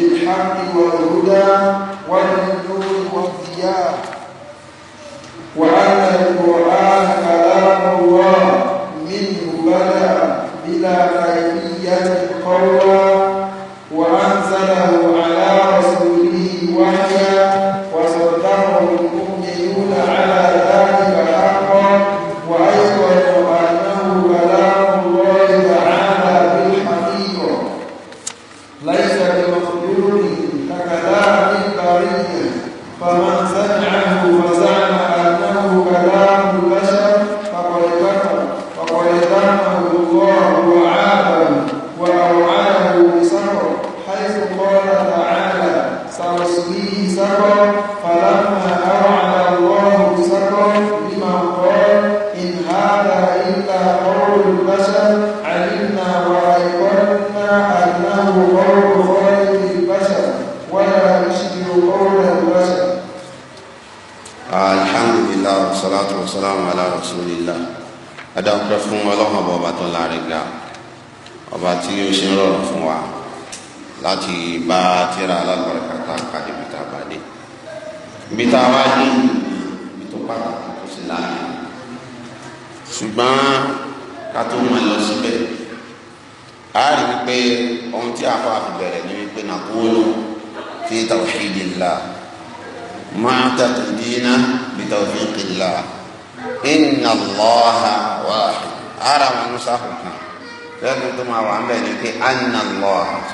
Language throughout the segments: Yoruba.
بالحق والهدى والنور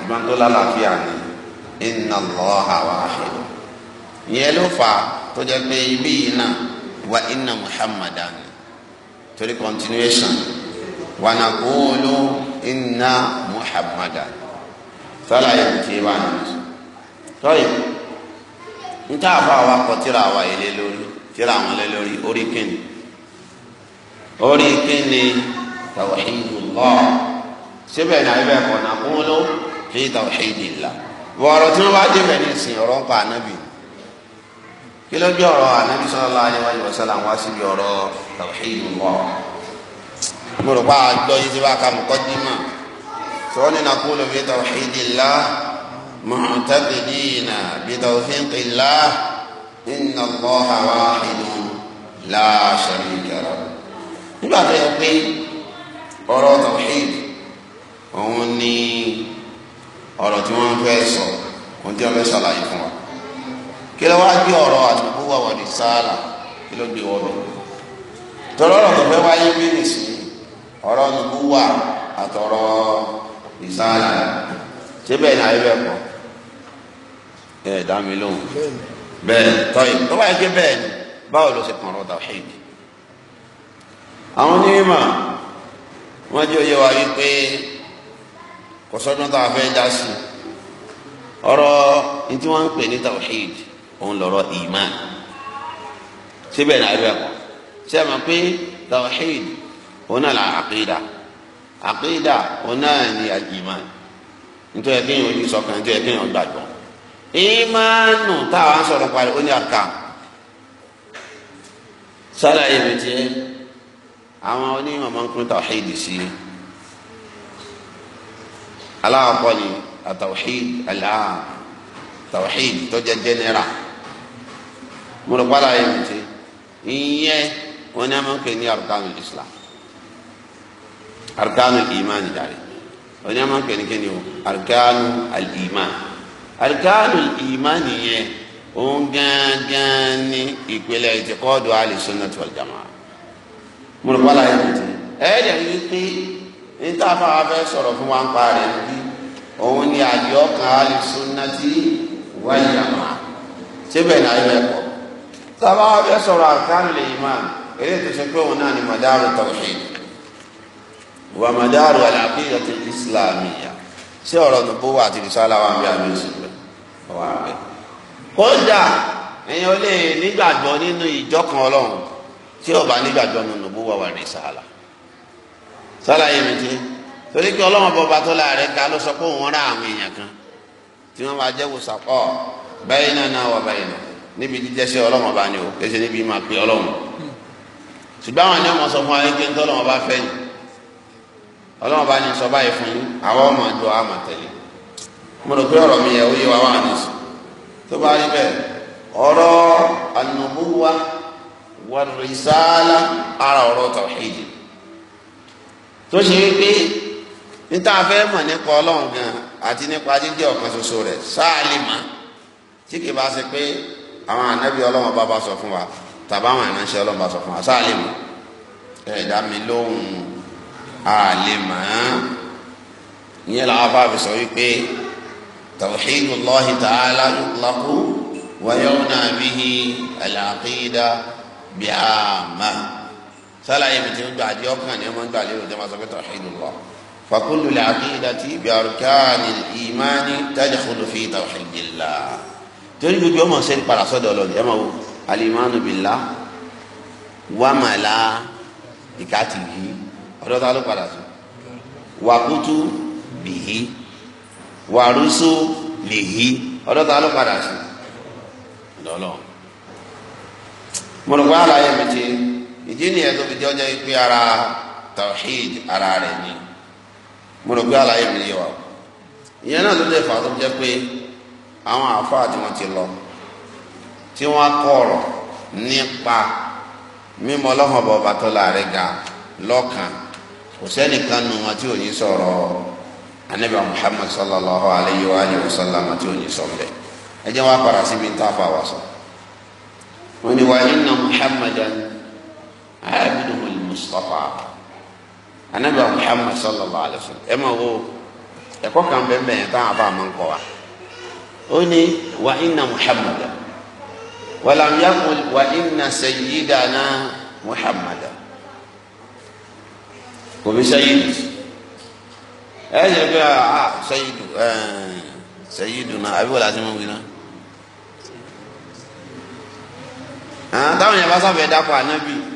ṣùgbọ́n tó lálàáfíà ni inna Allaha wahid ìyẹn ló fà á tó jẹ́ pé ibi yìí náà wa inna Muhammadan torí continuation wa naqulu inna Muhammadan sọlá yẹn ti wà nìyí tọ́yì níta àfa wa kọ tíra wa yìí lé lórí tíra wọn lé lórí orí kíni orí kíni tawhidullah síbẹ̀ náà ibẹ̀ kọ̀ naqulu fi tawhidillah bọ̀rọ̀ tí wọ́n bá dé bẹ̀rẹ̀ ìsìn ọ̀rọ̀ ń pa ànábì kí ló gbé ọ̀rọ̀ ànábì sallallahu alaihi wa sallam wá síbi ọ̀rọ̀ tawhidillah mo rò pa àgbọ̀ yìí ti bá ka muqaddima tí wọ́n ní naqulu fi tawhidillah mu'taqidina bi tawfiqillah inna Allaha wahidun la sharika lahu nígbà tó yẹ pé ọ̀rọ̀ tawhid òun ni ọ̀rọ̀ tí wọ́n fẹ́ sọ kò tí wọ́n fẹ́ ṣàlàyé fún wa kí ló wá gbé ọ̀rọ̀ àdúgbò wà wà ní sáàlà kí ló gbé wọ́n bẹ̀ tọ́lọ́ ọ̀rọ̀ tó fẹ́ wáyé bí nìsí ọ̀rọ̀ àdúgbò wà àtọ̀rọ̀ ní sáàlà ṣé bẹ́ẹ̀ ni ayé bẹ́ẹ̀ kọ́ ẹ dá mi lóhùn bẹ́ẹ̀ tọ́yì tó wáyé pé bẹ́ẹ̀ ni báwo ló ṣe kàn ọ̀rọ̀ tàwíìdì àwọn onímọ̀ wọ́n jẹ́ òye wa wípé kò sọ́dún tá a fẹ́ dá sí ọ̀rọ̀ ní tí wọ́n ń pè ní tawhid òun lọ́rọ̀ iman síbẹ̀ náà bẹ́ẹ̀ kọ́ ṣé ẹ mọ̀ pé tawhid òun náà là àkídà àkídà òun náà ni al-iman nítorí ẹ̀kí yẹn ojú sọ̀kan nítorí ẹ̀kí yẹn ọgbàgbọ́ ìmánu táwọn sọ̀rọ̀ parí ó ní àká sálàyé mi tiẹ̀ àwọn onímọ̀ máa ń pín tawhid sí i aláwọ̀kọ́ ni atawhid alam tawhid tó jẹ́ general mọ̀lùpàlà yẹn mi ti ìyẹn wọn ni a máa ń pè ní arkanu islam arkanu iman jàre wọn ni a máa ń pè ní kíni o arkanu al-iman iman yẹn òun gángan ní ìpìlẹ̀ ìtìkọ́dù al-sunnah wal-jamaah mọ̀lùpàlà yẹn mi ti ẹ̀ẹ́dẹ̀ yìí pé níta fáwọn afẹ́ sọ̀rọ̀ fún wa ń pa rẹ̀ bí òun ni àjọ kan alìsúnnátì wáyé àmà síbẹ̀ náà ilẹ̀ kọ̀ tábà afẹ́ sọ̀rọ̀ àkánu lè má eré tó ṣe pé òun náà ni madaru tawhid wa madaru al-aqidati al-islamiyya sí ọ̀rọ̀ tó bó wà àti ìsọ́lá wa ń bí àmì ìsìnkú ọ̀wà rẹ̀ kódà èèyàn lè nígbàgbọ́ nínú ìjọ ọlọ́run tí ó bá nínú bó wà wà ní ìsàlá sálàyé mi ti torí pé ọlọ́wọ́n bọba tó láàrẹ ká ló sọ pé òun rán àwọn èèyàn kan tí wọ́n máa jẹ́ wòsàpọ̀ báyìí náà náà wà báyìí náà níbi jíjẹ́ sí ọlọ́wọ́n bá ní o kéṣe níbi máa pe ọlọ́wọ́n ṣùgbọ́n àwọn ni wọ́n sọ fún ayé pé ntọ́lọ́wọ́n bá fẹ́ yìí ọlọ́wọ́n bá ní sọ báyìí fún yín àwọn ọmọ àjọ àmọ̀ tẹ̀lé mo rò pé ọ̀rọ̀ mi yẹ ó wa wà ní sùn tó bá rí bẹ́ẹ̀ ọ̀rọ̀ ànàbúwa wàrìsálà ara ọ̀rọ̀ tàwíìdì tó ṣe é pé níta fẹ́ mọ̀ nípa ọlọ́run gan àti nípa jíjẹ́ ọ̀kan ṣoṣo rẹ̀ sáàlì mà tí kì bá ṣe pé àwọn ànábì ọlọ́run bá bá sọ fún wa tàbá àwọn ìránṣẹ́ ọlọ́run bá sọ fún wa sáàlì mà ẹ̀dá mi lóhùn àlè mà ìyẹn làwọn afáàfin sọ wípé tawxiid allahi tacaala yutlaqu wa yawna bihi alcaqiida bicaama sálàyé mi ti ń gbà àdìọ́ kan ní ọmọ ń gbà lérò jẹ́ máa sọ pé tawhidullah fakulu al-aqidati bi arkani al-imani tadkhulu fi tawhidillah torí gbogbo ọmọ sẹ́ni padà sọ́dọ̀ ọlọ́ni ẹ máa wo al-imanu billah wa malaikatihi ọ̀dọ́ ta ló padà sọ wa kutubihi wa rusulihi ọ̀dọ́ ta ló padà sọ lọ́lọ́ mo rò pé àlàyé mi ti ìdí nìyẹn tó fi jẹ́ ọjọ́ ìpín ara tawhid ara rẹ̀ ni mo rò pé àlàyé mi yé wa ìyẹn náà ló lè fà tó jẹ́ pé àwọn àfáà tí wọ́n ti lọ tí wọ́n kọ́ ọ̀rọ̀ nípa mímọ̀ ọlọ́hàn bọ̀bà tó láàrẹ̀ ga lọ́kàn kò sẹ́nìkan nu wọn tí ò ní sọ̀rọ̀ anabi muhammad sallallahu alayhi wa alayhi wa sallam tí ò ní ẹ jẹ́ wá padà síbi tá a wá sọ. wọ́n ní wàá yín na muhammadan abiduhu mustapha anabi muhammad sallallahu alayhi wa sallam ẹ máa wo ẹ̀kọ́ kan bẹ́ẹ̀ bẹ́ẹ̀ táwọn afa máa ń kọ́ wa ó ní wa inna muhammad walam yakul wa inna sayyidana muhammad kò bí sayyidu ẹ ẹ jẹ́ pé ah, ah sayyidu ẹ eh, sayyidu náà àbí wọ́n láti mú wí náà. Ah, táwọn yẹn bá sábẹ̀ dákọ̀ ànábì.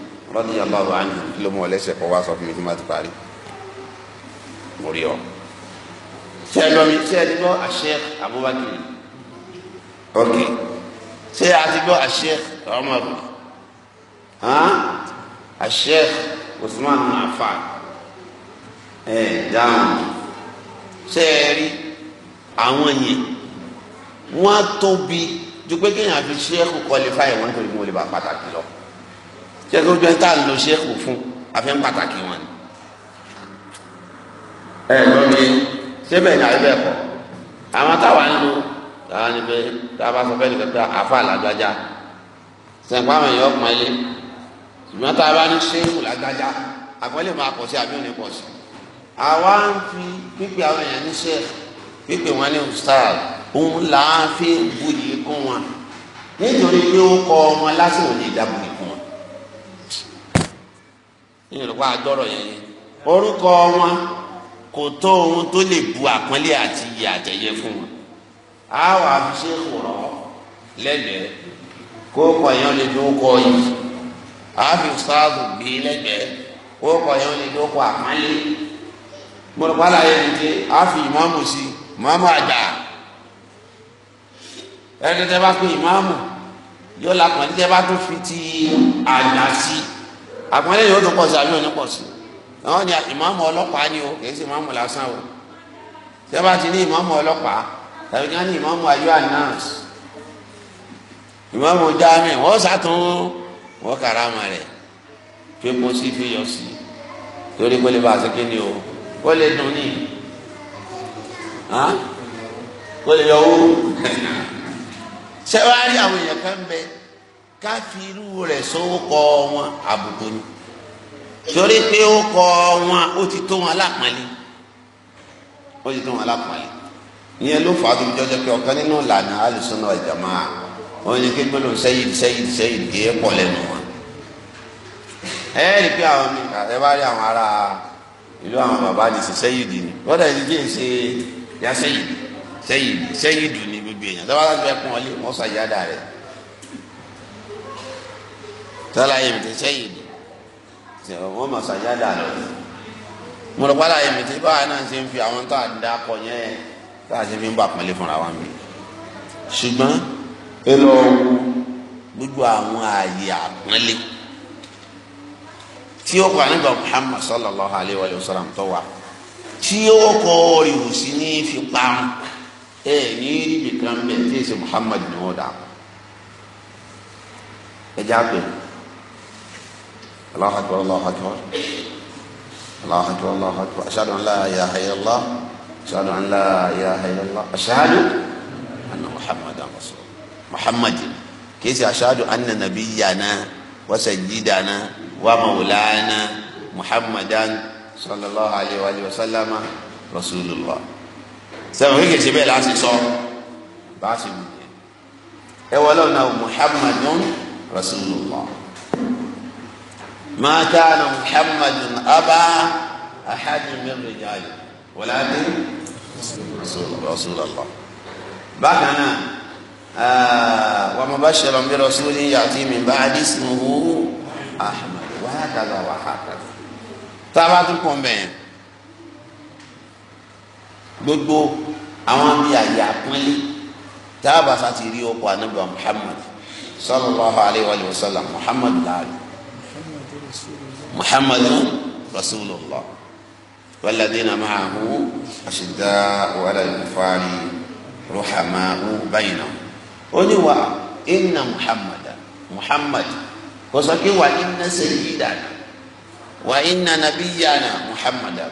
radiyallahu anhu kí ló mú ọ lẹ́sẹ̀ kọ́ wá sọ fún mi tí má ti parí mo rí ọ. ṣé ẹ gbọ́ mi ṣé ẹ ti gbọ́ Sheikh Abubakar ok ṣé ẹ ti gbọ́ Sheikh Umar Sheikh Usman bin Affan ẹ dáhùn ṣé ẹ rí àwọn yẹn wọ́n á tóbi ju pé kéèyàn fi Sheikh qualify wọn nítorí mo lè bá pàtàkì lọ jẹ́ kí ojú ẹ tá à ń lo ṣéèkù fún àfẹ́ ń pàtàkì wọn ni. ẹ gbọ́ mi ṣé bẹ́ẹ̀ ni àbẹ́bẹ́ kọ́ àwọn táwa ń lo táwa ni pé tá a bá sọ fẹ́ẹ́ nìkan pé àfa làgbájá sẹ̀ǹpá àwọn èèyàn ọkùnrin ilé ṣùgbọ́n tá a bá ní ṣéèkù làgbájá àpọ́lẹ̀ máa pọ̀ sí àbí òní pọ̀ sí. àwa ń fi pípé àwọn èèyàn ní ṣéèkù pípé wọn ní ustaz òun là á fi buyì kún wọn nítorí pé ó kọ ọmọ lásìkò ní ìdàbòyè nínú ìlú wa gbọ́rọ̀ yẹn yẹn orúkọ wọn kò tó ohun tó lè bu àpọ́nlé àti iye àjẹyẹ fún wọn á wàá fi ṣe kùrọ̀ lẹ́gbẹ̀ẹ́ kó kọ yẹn lè tó kọ yìí á fi sáàbù gbé lẹ́gbẹ̀ẹ́ kó kọ yẹn lè tó kọ àpọ́nlé mọ̀lùpàá láyé ni pé á ìmáàmù sí ìmáàmù àgbà ẹ̀ẹ́dẹ́gbẹ́ bá pé ìmáàmù yóò lápọ̀ nígbà bá tó fi ti àgbà sí àpọ́nlé yìí ó tún pọ̀ sí àbí òní pọ̀ sí àwọn ni ìmáàmù ọlọ́pàá ni o kìí sí ìmáàmù lásán o tí a bá ti ní ìmáàmù ọlọ́pàá tàbí ká ní ìmáàmù ayé anas ìmáàmù jami wọ́n sàtún wọ́n karama rẹ̀ pé mo sì fi yọ sí torí kó lè bá a kí ni o kó lè dùn ní kó lè yọ owó ṣé àwọn èèyàn kan bẹ́ẹ̀ ká fi irú rẹ̀ sówó kọ wọn àbùkù ni torí pé ó kọ wọn ó ti tó wọn alápọ̀nlé ó ti tó wọn alápọ̀nlé ìyẹn ló fà á tó jọjọ pé ọ̀kan nínú ìlànà alùsùn náà ìjàmá wọn ni kí gbọ́dọ̀ sẹ́yìn sẹ́yìn sẹ́yìn kì í pọ̀ lẹ́nu wọn ẹ rí pé àwọn mi ẹ bá rí àwọn ará ìlú àwọn bàbá ní sí sẹ́yìn dì ní wọ́n dà ní ṣe ya sẹ́yìn sẹ́yìn sẹ́yìn dùn ní gbogbo èèyàn tó bá láti fẹ́ pọ́n ọ lé wọ́n sàyádà rẹ̀ sọlá yẹ mìtẹ sẹyìn ni ṣe wọn mọ sàjádà lọ mọlọpàá yẹ mìtẹ báwa náà ṣe ń fi àwọn tó àdá kọ yẹn tá a ṣe fi ń bá pọnlé fúnra wa mi ṣùgbọ́n ẹ lọ gbogbo àwọn ààyè àpọnlé tí ó kọ àníbà Muhammad sallallahu alayhi wa sallam tó wà tí ó kọ ìhù sí ní fipá ẹ ní ibìkan bẹ tí èsì Muhammad ni wọn dà ẹ já pé. Allahu akbar Allahu akbar Allahu akbar Allahu akbar ashhadu an la ilaha illallah ashhadu an la ilaha illallah ashhadu anna muhammadan rasulullah muhammad kìí ṣe ashhadu anna nabiyyana wa sayyidana wa maulana muhammadan sallallahu alayhi wa sallama rasulullah sẹ́wọ̀n kékeré ṣe bẹ́ẹ̀ láti sọ bá a ṣe wù yẹn ẹ wọlé ọ̀nà muhammadun rasulullah. ما كان محمد أبا أحد من رجاله ولكن رسول رسول الله بكنا آه ومبشرا برسول يأتي من بعد اسمه أحمد وهكذا وهكذا تابعت الكومبين gbogbo àwọn bíi àyè àpọ́nlé tá a bá sá ti rí ọkọ̀ anábìá muhammad sallallahu alayhi wa sallam muhammad láàrin muhammadu rasulullah waladina maahu asida walalifari ruhamahu bayina ó ní wa inna muhammadu muhammadu kò sọ pé wa inna sayyidana wa inna nabiyana muhammadu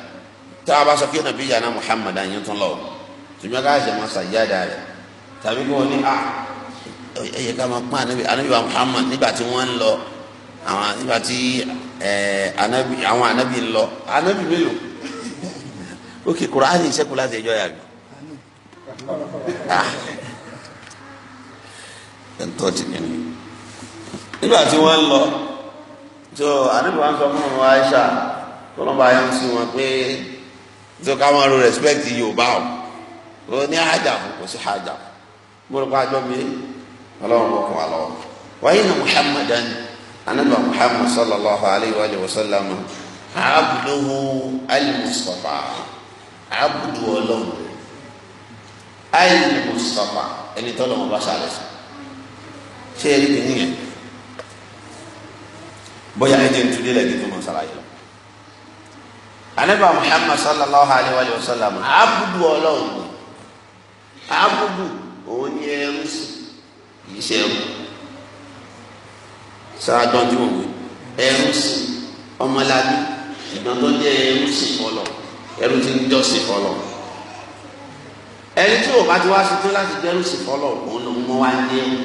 tá a bá sọ pé nabiyana muhammadu yẹn tún lọ tùmọ̀ ká ṣe máa ṣàyíyáda rẹ̀ tàbí kí wọ́n ní a ah, ẹ̀yẹ ká máa pọ́n ànábì ànábì wa muhammad nígbà tí wọ́n ń lọ àwọn nígbà tí ẹẹ anabi àwọn anabi ńlọ anabi mélòó ok kuraani ìṣẹ́kù láti ẹjọ́ yà bí ah, ẹ̀ńtọ́ ti nìyẹn nígbà tí wọ́n ń lọ tó anabi wọn sọ fún ọmọ Aisha tó lọ́ba ayé ń sún wọn pé tó káwọn ro respect Yorùbá o ó ní àjà fún kò sí àjà fún mo rò pé àjọ mi ọlọ́run kò kún lọ́wọ́ wáyé ní Muhammadan anabi muhammad sallallahu alayhi wa sallam abduhu alimusafa abudu ọlọ́run alimusafa ẹni tọ́lọ̀ wọn bá ṣàlẹ̀ sọ ṣé ẹ rí kìíní yẹn bóyá ẹ jẹ́ ntúndé lẹ́yìn tó mọ̀ sàlàyé lọ anabi muhammad sallallahu alayhi wa sallam abudu ọlọ́run abudu òun ni ẹrú sí kì í ṣe ẹrú sára gbọ́n tí wọ́n wí ẹrú sí ọmọlábí ìgbọ́n tó jẹ́ ẹrú sí fọlọ ẹrú tí ń jọ sí fọlọ ẹni tí o bá ti wá ṣetán láti jẹ́rú sí fọlọ òun lòún mọ́ wá ní ẹrú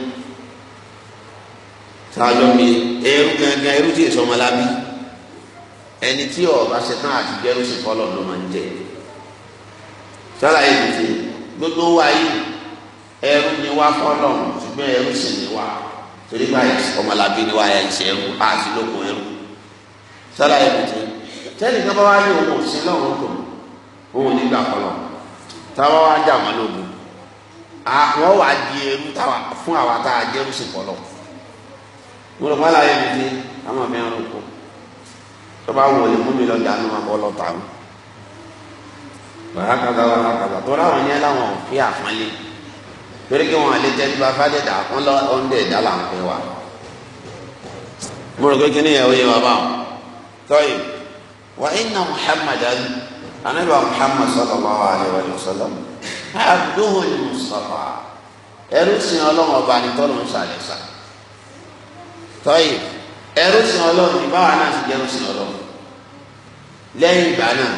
sára gbọ́n mi ẹrú gangan ẹrú tí èso ọmọlábí ẹni tí o bá ṣetán àti jẹ́rú sí fọlọ ló máa ń jẹ sára yìí ti gbogbo wa yìí ẹrú ni wá fọlọ ṣùgbọ́n ẹrú sì ni wá torí báyìí ọmọlàbí ni wàá yẹn ṣe ẹrú àti lóko ẹrú sọlá yẹn kùtì tẹ́lẹ̀ ní wọ́n wá ní òun sí lọ́run tó òun nígbà kọlọ táwọn wá jà wọn lógun àwọn wà á di ẹrú fún àwa tá a jẹ ẹrú sí kọlọ mo rò wọ́n láyé mi ní àwọn ọmọ ẹrú kọ tó bá wọn lè mú mi lọ dànù àbọ̀ lọ tà wọn. wàhákàtà wàhákàtà tó láwọn yẹn láwọn ò fi àpọ́nlé torí kí wọn àlè tẹríba fádẹ́dà wọn lọ ọ̀ndẹ̀ ẹ̀dá là ń pè wá. mo rò pé kíní yẹn ó yẹ wá bá wọn. tọ́yì wà inna muhammadan anábìá muhammad sallallahu alayhi wa sallam abduhu mustafa ẹrú sin ọlọ́run ọba ni tọ́lù ń sàlẹ̀ sà. tọ́yì ẹrú sin ọlọ́run ní báwa náà sì jẹ́rú sin ọlọ́run. lẹ́yìn ìgbà náà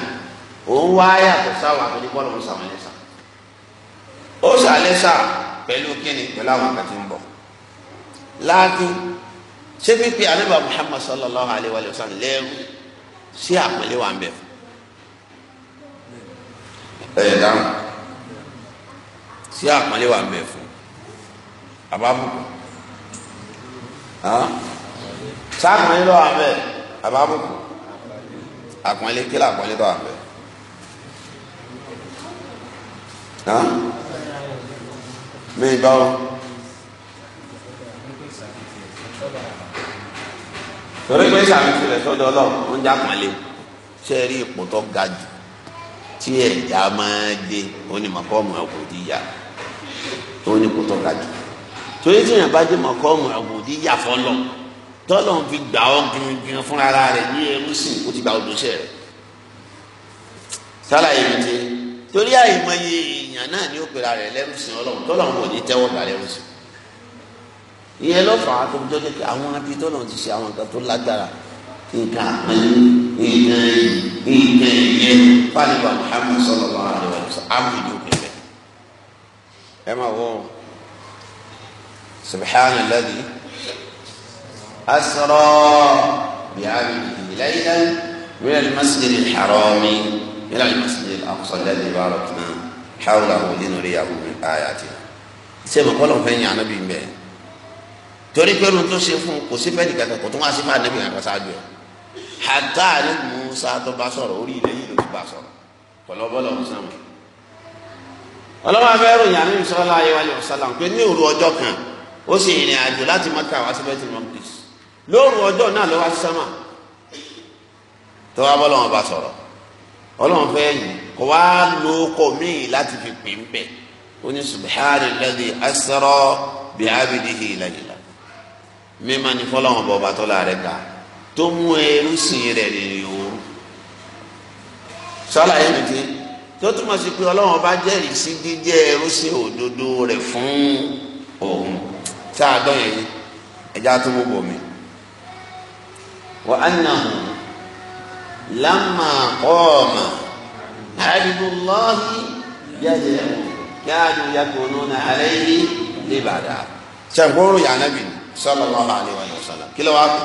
òun wá yàtọ̀ sáwọn àtọ́jú bọ́ọ̀lù ń sàmúlẹ̀ ó ṣàlẹ́sà pẹ̀lú kíni pẹ̀lú àwọn kan tí ń bọ̀ láàdín ṣé pípé ànábì Muhammad sallallahu alayhi wa sallam lẹ́rú sí àpẹẹlẹ wa ń bẹ̀ fún. ẹ̀yẹ dáhùn sí àpọ́nlé wa ń bẹ̀ fún àbábùkù sáàpọ́nlé lọ́wọ́ à ń bẹ̀ àbábùkù àpọ́nlé kí làpọ́nlé lọ́wọ́ à ń bẹ̀ bẹ́ẹ̀ báwo. torí pé sàmì tilẹ̀ sọ́dọ̀ ọlọ́run ó ń ṣe rí ipò tó ga jù tí ẹ̀dá máa dé onímọ̀kọ́mù ẹ̀kọ́díyà onípò tó ga jù torí tí yẹn bá dé mọ̀kọ́mù ẹ̀kọ́díyà fọlọ́ tọ́lọ̀ ń fi gbà ọ́ gangan fúnra rẹ̀ ní ẹrú sìn ó ti gba odò iṣẹ́ rẹ̀ sálàyé mi ti torí àìmọye èèyàn náà ni ó pera rẹ̀ lẹ́rùsìn ọlọ́run tọ́lọ́run ò ní tẹ́wọ́ gbà lẹ́rùsìn ìyẹn ló fà á tó tó kékeré àwọn abi tọ́lọ́run ti ṣe àwọn nǹkan tó lágbára nǹkan àpẹẹrẹ nǹkan yìí nǹkan ìyẹ fáliba Muhammad sallallahu alaihi wasallam àmì ní òkè bẹ́ẹ̀. ẹ máa wọ subhana alladhi asra bi 'abdihi laylan min al-masjid al-harami. إلى المسجد الأقصى الذي باركنا حوله لنريه من آياتنا sẹ́mi kọ́lọ̀ fẹ́ yàn ánábì mbẹ́ torí pé irun tó ṣe fún kò sí fẹ́ẹ́ nìkan kò tó wá sí fún ánábì yàn kọ́sáájú ẹ̀ hàtá ni Musa tó bá sọ̀rọ̀ orí ilé yìí ló ti bá sọ̀rọ̀ kọ̀lọ́bọ́lọ̀ sàmù. ọlọ́wọ́ afẹ́ ròyìn àmì sọ́lá ayé wáyé ọ̀sálàm pé ní òru ọjọ́ kan ó sì rìn àjò láti Mẹ́kà wá sí bẹ́tì mọ́kìs lóru ọjọ́ náà ló wá sí sámà tó wá bọ́lọ́ wọn bá sọ̀rọ̀ ọlọ́run fẹ́ yìí kò wá lo kọ́ míì láti fi pè ń bẹ̀ ó ní subhana alladhi asra bi abidihi layla mímọ́ ni fọlọ́run bọ̀ bàtọ́ la rẹ̀ ká tó mú ẹrú sìn rẹ̀ nìyí ooru sálàyé mi ti tó túmọ̀ sí pé ọlọ́run bá jẹ́rìí sí jíjẹ́ ẹrú sí òdodo rẹ̀ fún òun tá a dán ẹja tó gbogbo mi wà á nà hàn lámà kọ́ọ̀mà àdìbòlọ́hì yàjẹ yàjọ yàtọ̀nù nà àlẹ́yìn nìbàdà. sẹ́ńkóró yànnàbì sallallahu alaihi wa sallam kí ló wà kú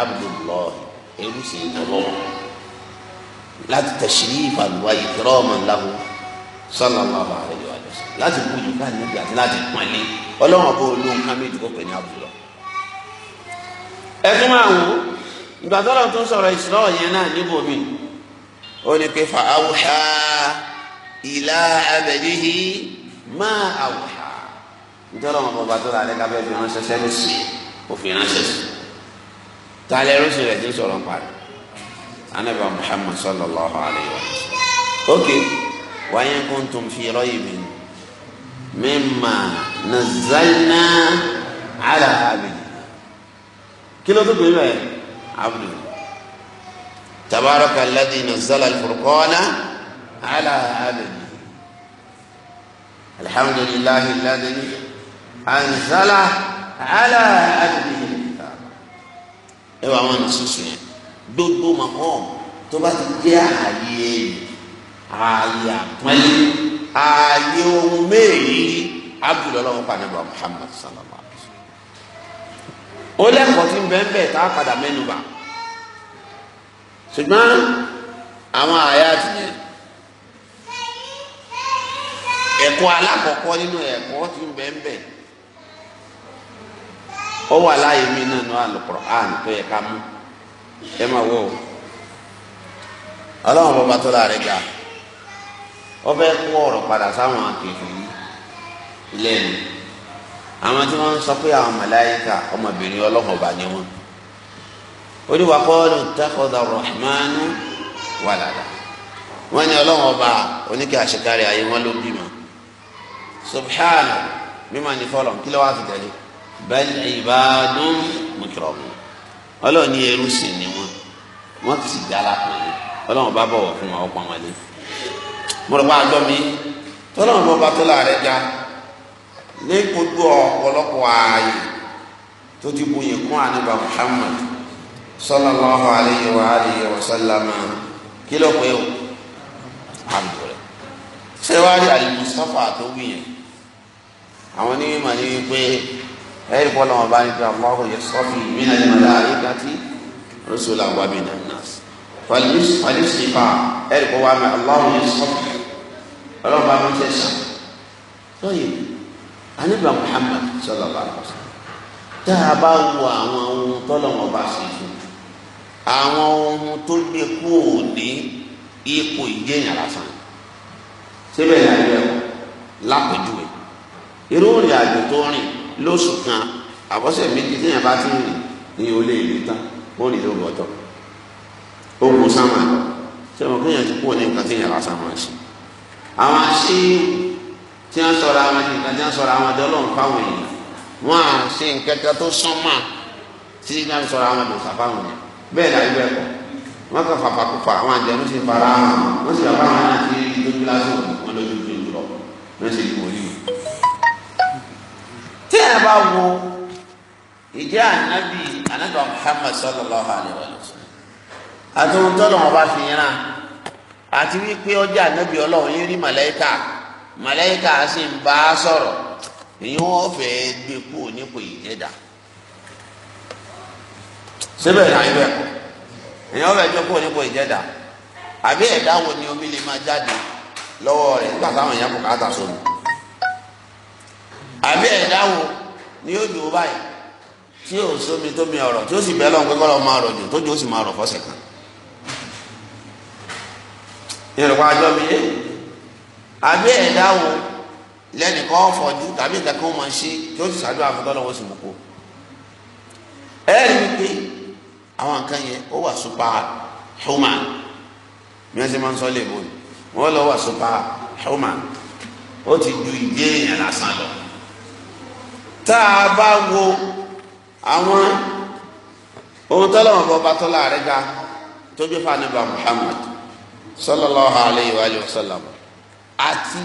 àbùdùlọ́hì ẹrú sí ìtọ́lọ́wọ́ láti tashrifa wa ikraman lahu sallallahu alaihi wa sallam láti kú yìí káàdì níbi àti láti pọ́nlé ọlọ́wọ́n bó olóhùn kámi ìdúgbò pẹ̀lú àbùdùlọ́. ẹ ìgbà tọ́lọ̀ tó sọ̀rọ̀ Isra yẹn náà níbo mi ó ní pé fa awùhá ìlà abẹ̀díhì máa awùhá nítorí wọn bọ̀bá tó la lẹ́ka bẹ́ẹ̀ fi ránṣẹ́ sẹ́yìn sí òfin ránṣẹ́ sí ta lẹ́ rúṣin rẹ̀ tí ń sọ̀rọ̀ parí anabi Muhammad sallallahu alayhi wa sallam ok wa in kuntum fi raybin mimma nazzalna ala abidina kí ló tó pè bẹ́ẹ̀ abdu tabaraka alladhi nazzala al-furqana ala abdi alhamdulillahi alladhi anzala ala abdi ẹ wà wọn nìṣúṣu yẹn gbogbo mọ̀kọ́ tó bá ti jẹ́ ààyè ààyè àpọ́nlé ààyè ohun mẹ́rin abdul ọlọ́wọ́ pa nígbà Muhammad sallallahu ó lẹ́kọ̀ọ́ tí ń bẹ́ẹ̀ bẹ́ẹ̀ tá a padà mẹ́nu bà ṣùgbọ́n àwọn àyà tìyẹn ẹ̀kọ́ alákọ̀ọ́kọ́ nínú ẹ̀kọ́ tí ń bẹ́ẹ̀ bẹ́ẹ̀ ó wà láàyè mí náà nù Al-Qur'an tó yẹ ká mú ẹ máa wọ o ọlọ́run bọba tó láre ga ọ fẹ́ kó ọ̀rọ̀ padà sáwọn akéwì lẹ́nu àwọn tí wọ́n ń sọ pé àwọn màláíkà ọmọbìnrin ọlọ́hàn ọba ni wọ́n oníwà kọ́ọ̀lù tẹ́kọ̀dà rahmanu wàlàdà wọ́n ní ọlọ́hàn ọba oníkẹ́ àṣekárí ayé wọn ló bímọ subhana mímọ ní fọlọ kí ló wá fi tẹ̀lé bal ibadun mukramun ọlọ́ọ̀ni ẹrú sì ni wọ́n wọ́n ti sì dára pọ̀ ní ọlọ́hàn bá bọ̀wọ̀ fún wọn ọ̀pọ̀ wọn lé mo rò pé àgbọ̀ mi tọ́lọ́hàn ní gbogbo ọ̀pọ̀lọpọ̀ ààyè tó ti buyin kún ànábà Muhammad sallallahu alayhi wa alihi wa sallam kí ló pé o àbúrò ṣé wàá rí alimusafa tó gbìyàn àwọn onímọ̀ ní wípé ẹ̀rí bọ́lá wọn bá ní pé Allahu yasafi mina al-malaikati rusula wa mina an-nas fàlísìfà ẹ̀rí bọ́ wa mẹ́ Allahu yasafi ọlọ́run bá mú tẹ̀sán lóye anigba Muhammad sallallahu alaihi wasallam tá a bá wo àwọn ohun tọ́lọ́wọ́n bá ṣe fún àwọn ohun tó gbé kú òní ipò ìjẹyàn lásán síbẹ̀ láyé ọ̀ lápẹ̀jùwẹ̀ irú ìrìn àjò tó rìn lóṣù kan àbọ̀sẹ̀ méjì téèyàn bá ti rìn ní olè ìlú tán ó rìn lóògùn ọjọ́ ogun sáwọn ṣé wọn kéèyàn ti kú òní nǹkan téèyàn lásán wọn ṣe àwọn aṣèwò tí wọ́n sọ̀rọ̀ àwọn ti nǹkan tí wọ́n sọ̀rọ̀ àwọn dọ́lọ́ nǹkan àwọn èèyàn wọ́n à ṣe nǹkan kan tó sánmà tí wọ́n sọ̀rọ̀ àwọn dòṣà fáwọn èèyàn bẹ́ẹ̀ láyé bẹ́ẹ̀ kọ́ wọ́n kàn fàfàkùfà àwọn àjẹmú ti fara hàn wọ́n sì bàbá àwọn àti lójú lásán wọn lójú tó lọ wọ́n sì kú òyìn. tí ẹ bá wo ìjẹ́ ànábì ànábì Muhammad sallallahu alayhi wa sallam àti ohun tó lọ́wọ́ bá fi yẹn náà àti wípé ọjà ànábì ọlọ́run yín rí màláíkà màláíkà sì ń bá a sọ̀rọ̀ èyí wọ́n fẹ́ gbé kúrò nípò ìdẹ́dà síbẹ̀ náà ibẹ̀ kọ́ èyí wọ́n fẹ́ gbé kúrò nípò ìdẹ́dà àbí ẹ̀dá wo ni omi lè máa jáde lọ́wọ́ rẹ̀ nígbà táwọn èèyàn bùkátà sómi àbí ẹ̀dá wo ni yóò dùn báyìí tí yóò sómi tómi ọ̀rọ̀ tí ó sì bẹ́ẹ̀ lọ́n pé kọ́lọ́ máa rọ̀ jù tójú ó sì máa rọ̀ fọ́sẹ̀ kan. yorùbá àjọ mi yé àbí ẹ̀dá wo lẹ́nu kọ́ fọ̀jú tàbí nǹkan kí wọ́n máa ṣe kí ó sì ṣàdúrà fún tọ́lọ́wọ́ sì mú kó ẹ̀rí wípé àwọn nǹkan yẹn ó wà super human bí wọ́n ṣe máa ń sọ lè bọ́ọ̀lù super human ó ti ju ìdí èèyàn lásán lọ tá a bá wo àwọn ohun tọ́lọ́wọ́ bọ́ bá tọ́lá rẹ̀ ga tó gbé fún anábà Muhammad sallallahu alayhi wa sallam àti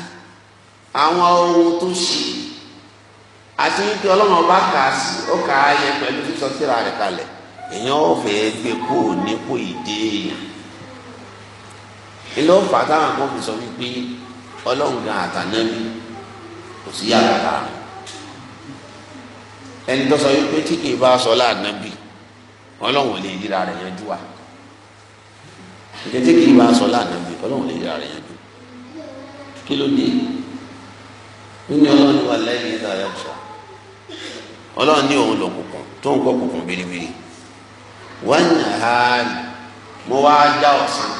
àwọn ohun tó ṣe àti wípé ọlọ́run ọba kà á sí ó kà á yẹ pẹ̀lú sísọ síra rẹ̀ kalẹ̀ èèyàn ò fẹ́ gbé kó o nípò ìdí èèyàn ilé ọ̀fà táwọn kan fi sọ wípé ọlọ́run gan àtànábì kò sí yàrá láàrin ẹni tó sọ wípé tí kì í bá sọ láànábì ọlọ́run ò lè yíra rẹ̀ yanjú wa ìjẹ́ tí kì í bá sọ láànábì ọlọ́run ò lè yíra rẹ̀ yanjú kí ló dé nínú ọlọ́run wà lẹ́yìn nígbà yàtọ̀ ọlọ́run ní òun lọ kùkùn tó ń kọ́ kùkùn biribiri wọ́n yàn á mo wá dá ọ̀sán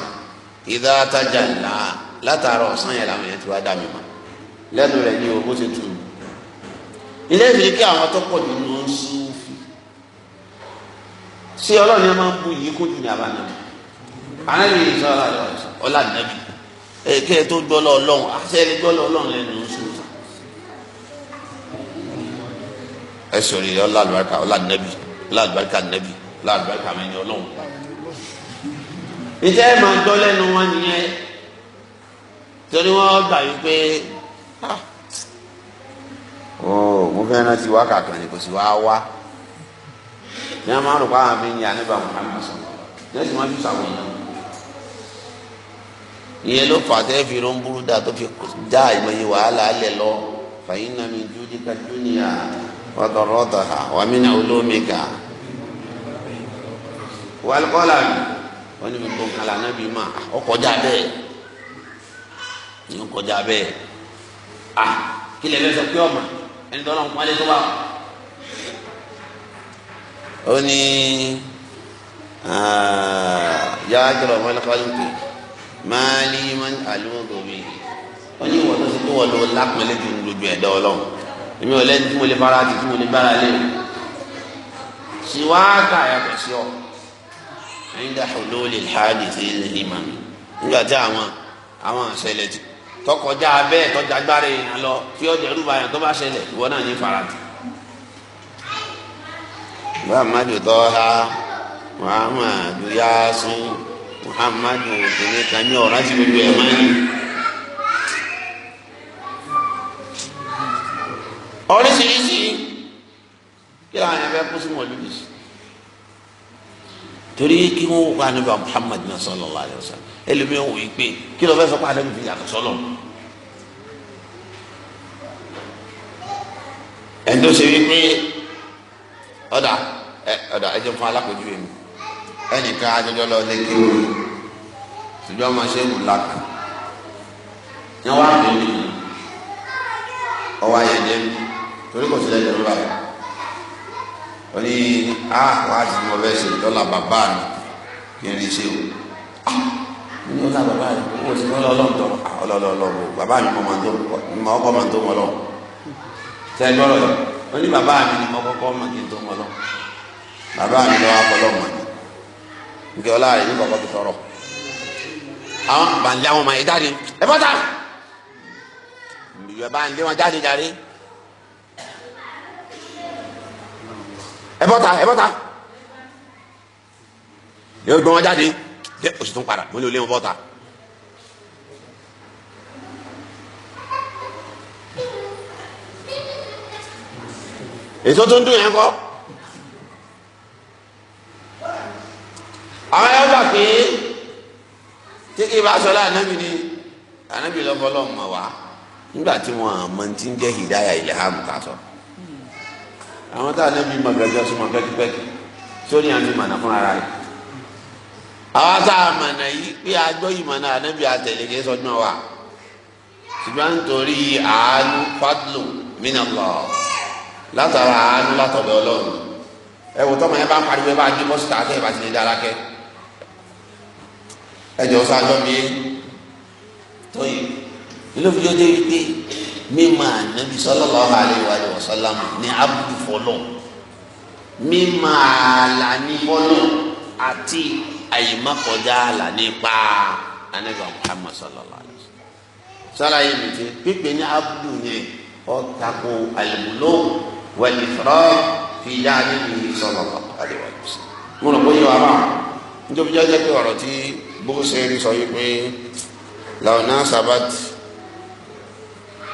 ìdá tájà ńlá látara ọ̀sán yẹn làwọn yẹn ti wá dá mi mọ́ lẹ́nu rẹ̀ ní o bó ṣe tù mí ilé ìfìdí kí àwọn tó nínú ń súnfì ṣé ọlọ́run yẹn máa ń bu yìí jù ní abànàbí àná mi sọ ọlá kẹ́ ẹ tó gbọ́lọ̀ ọlọ́run àṣẹ ẹ gbọ́lọ̀ ọlọ́run lẹ́nu oṣù. ẹ sọ̀rọ̀ ìyá ọlá àlùbáríkà ọlá ànábì ọlá àlùbáríkà ànábì ọlá àlùbáríkà àmì ẹni ọlọ́run. ìjẹ́ ẹ máa gbọ́ lẹ́nu wọn nìyẹn torí wọ́n gbà yí pé ó ah, mo fẹ́ rántí wákà kan ni kò sí wáá wá ní a máa rò pé àwọn afi ń yà nígbà Muhammad sọ̀rọ̀ ní ẹ̀sìn wọn fi sàwọn èèyàn ìyẹn ló fà tẹ́ fi rón burú dà tó fi dá ìmọ̀ye wàhálà alẹ̀ lọ fàyín náà mi júdi ka júnìyà wàdọ̀rọ̀dọ̀ ha wà mí náà olómi ga wàlúkọ́là mi wọ́n ní mi kó kala náà bí ma ọ kọjá bẹ́ẹ̀ ní ọ kọjá bẹ́ẹ̀ a kí lè lọ́sọ̀ pé ọmọ ẹni tó lọ́n pálí tó bá ó ní yàrá jọlọ ọmọ ẹlẹ́kọ̀ọ́ ló ń pè máàlì máa ń àlùmọ́ bòbí wọ́n ní ìwọ̀n tó ti tó wọ́n lọ lápẹ́lẹ́ ju gbogbo ẹ̀dá ọlọ́run èmi ò lẹ́ni tí mo lè bára ti tí mo lè bára lé siwáàkà yàtọ̀ sí ọ ẹ̀yin dà ọ̀dọ́ lè háàdì sí ilé ìmọ̀ mi nígbà tí àwọn àwọn àṣẹlẹ̀ ti tọkọjá bẹ́ẹ̀ tọjá gbára èèyàn lọ tí ó dẹrù báyàn tó bá ṣẹlẹ̀ ìwọ náà ní farati. bá a má jò tọ́ ha muhammadu yasin muhammadu obìnrin kan ní ọ̀rá sí gbogbo ẹ̀ máa ń yí. oríṣiríṣi kí làwọn yẹn fẹ́ kú sí mọ̀lúbí sí torí kí wọ́n wò pa nípa muhammad náà sallallahu alaihi wasallam ẹlòmíràn wò yí pé kí ló fẹ́ sọ pé àdébùfin yàtọ̀ sọ́lọ̀ ẹ̀ńtọ́ ṣe wí pé ọ̀dà ọ̀dà ẹ̀jẹ̀ fún alákòjú yẹn nìkan àjọjọ́ lọ lẹ́kẹ́ òru ṣùgbọ́n ọmọ ṣe wù lákà ní wàá bẹ mí ọwọ́ ayẹyẹ torí kò sílẹ̀ yorùbá yìí ó ní a wàá ti mọ bẹ́ẹ̀ ṣe dọ́là bàbá mi kí n rí ṣe o ní ọ̀la bàbá rẹ̀ owó ti lọ́lọ́ lọ́tọ̀ ọlọ́lọ́lọ́ bàbá mi mọ̀ tó mọ̀ ọkọ̀ mọ̀ tó mọ̀ lọ. sẹ́yìn lọ́rọ̀ yìí wọ́n ní bàbá mi ni mo kọ́kọ́ mọ̀ kí n tó mọ̀ lọ. bàbá mi lọ́wọ́ akọ́lọ́ ní. nkẹ́ ọlá rẹ̀ ní kọ́kọ́ ti tọrọ àwọn bá ń lé àwọn ọmọ yẹn jáde ẹ bọ́ta ìyọ̀ bá ń lé wọn jáde jáde ẹ bọ́ta ẹ bọ́ta yóò gbé wọn jáde dé oṣù tó ń padà mo ní olé wọn bọ́ta. èso tó ń dùn yẹn kọ́ àwọn yóò gbà pé tí kì í bá sọ láà nábì ni ànábì lọ́fọlọ́ mọ̀ wá nígbà tí wọn àmọ́ ti ń jẹ́ hidaya ilhamu ká sọ. àwọn tá ànábì mọ̀ gẹ́gẹ́ súnmọ́ pẹ́kípẹ́kí sórí àti mọ̀nà fún ara rẹ̀. àwọn tá a mọ̀nà yìí pé agbọ́ ìmọ̀nà ànábì àtẹ̀lé kì í sọdún wa ṣùgbọ́n nítorí àánú fadlu minallah látara àánú látọ̀bẹ̀ ọlọ́run ẹ̀wù tọ́mọ yẹn bá ń pariwo ẹ bá gbé bọ́sítà àti ẹ̀ bá ti lè dára kẹ́ ẹjọ sáájọ mi tóyè nínú fi ọjọ́ wípé mímọ ànábi sallallahu alaihi wa sallam ní abudu fọlọ mímọ àlà ní fọlọ àti àyèmọkọjá àlà nípa ànábi Muhammad sallallahu alaihi wa sallam sọláyé mi ti pípé ní abudu yẹn ọtakò àlùmúlò wẹlifrọ fìyà nínú sallallahu alaihi wa sallam mo rò bóyá wàá bá wọn nítorí jẹ́ pé tí bó ṣe rí sabat wípé lọ́nà sábàtì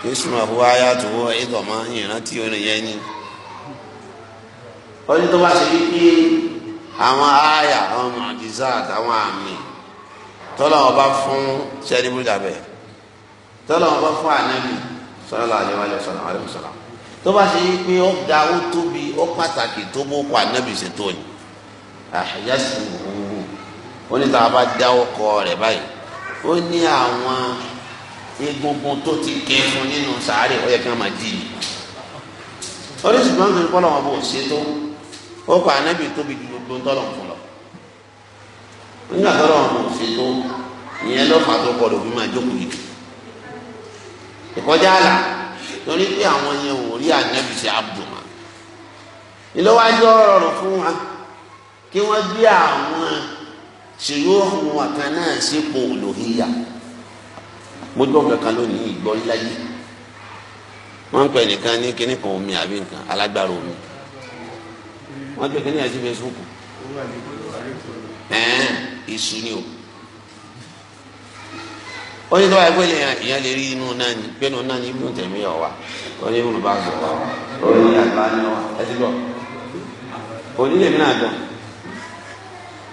yéṣùmọ̀ àbúwá ayàtúwọ́ ìdọ̀mọ́ ìrántí oníyẹn ni ó ní tó bá ṣe wípé àwọn àyà àwọn mọ̀jísà àtàwọn àmì tọ́lọ̀ ọba fún sẹ́díbù dàbẹ̀ tọ́lọ̀ ọba fún ànábì sọ́lá àdéwálé sọ́lá àdéwálé sọ́lá tó bá ṣe wípé ó ga ó tóbi ó pàtàkì tó bó kọ ànábì ṣètò ni àyà sí ìwò ó ní tá a bá dá ọkọ rẹ̀ báyìí ó ní àwọn egungun tó ti ké fún nínú sàárè ó yẹ kí wọ́n máa dì í oríṣiríṣi máa ń fi kọ́lọ̀ wọn bò ṣe tó ó kọ anábì tóbi ju gbogbo ńtọ́lọ̀ fún lọ nígbà tọ́lọ̀ wọn bò ṣe tó ìyẹn lọ́fà tó kọ̀ lóbi máa jókòó yìí ìkọjá àlà torí pé àwọn yẹn ò rí anábì ṣe abdùmá ìlọ́wájú ọ̀rọ̀ fún wa kí wọ́n gbé àwọn ṣèyí òhun àkàn náà ṣepò olóhìyà mo gbọ́ kankan lónìí ìgbọ́ láyé wọ́n ń nìkan ní kíní omi àbí nǹkan alágbára omi wọn gbé kíní àti Facebook ẹ̀ẹ́n iṣu ni o ó ní lọ́wọ́ ẹgbẹ́ ìyẹn lè rí inú náà ni náà ni tẹ̀mí ọ̀ ó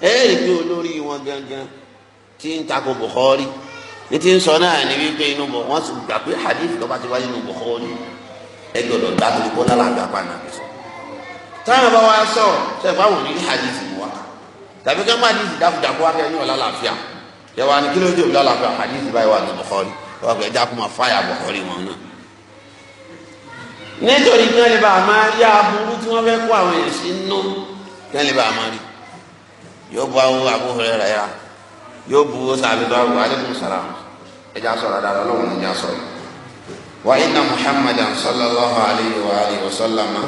ẹ rí i pé olórí wọn gangan tí ń takò Bukhari ní ti ń sọ náà ní wípé inú bọ̀ wọ́n sì gbà pé hadith tó bá ti wáyé inú Bukhari ẹ gbọ́dọ̀ gbà tó kó lálàgbà pa nàbẹ sọ táwọn bá wá sọ̀rọ̀ sẹ fáwọn onílé hadith mú wa tàbí ká má hadith dákúdákú wá kẹ́yìn ọ̀la làáfíà yẹ wá ní kílódé òbí lálàáfíà hadith báyìí wà ní Bukhari wọ́n fẹ́ dákúmá fáyà Bukhari wọn náà nítorí kí wọ́n lè bá a máa rí yóò bu awo Abu Hurairah ya yóò bu wo sàbí lọ àwọn aleykum salaam ẹja sọ̀rọ̀ dáadáa lọ́wọ́ ẹja sọ̀rọ̀ wa inna muhammadan sallallahu alayhi wa alihi wa sallama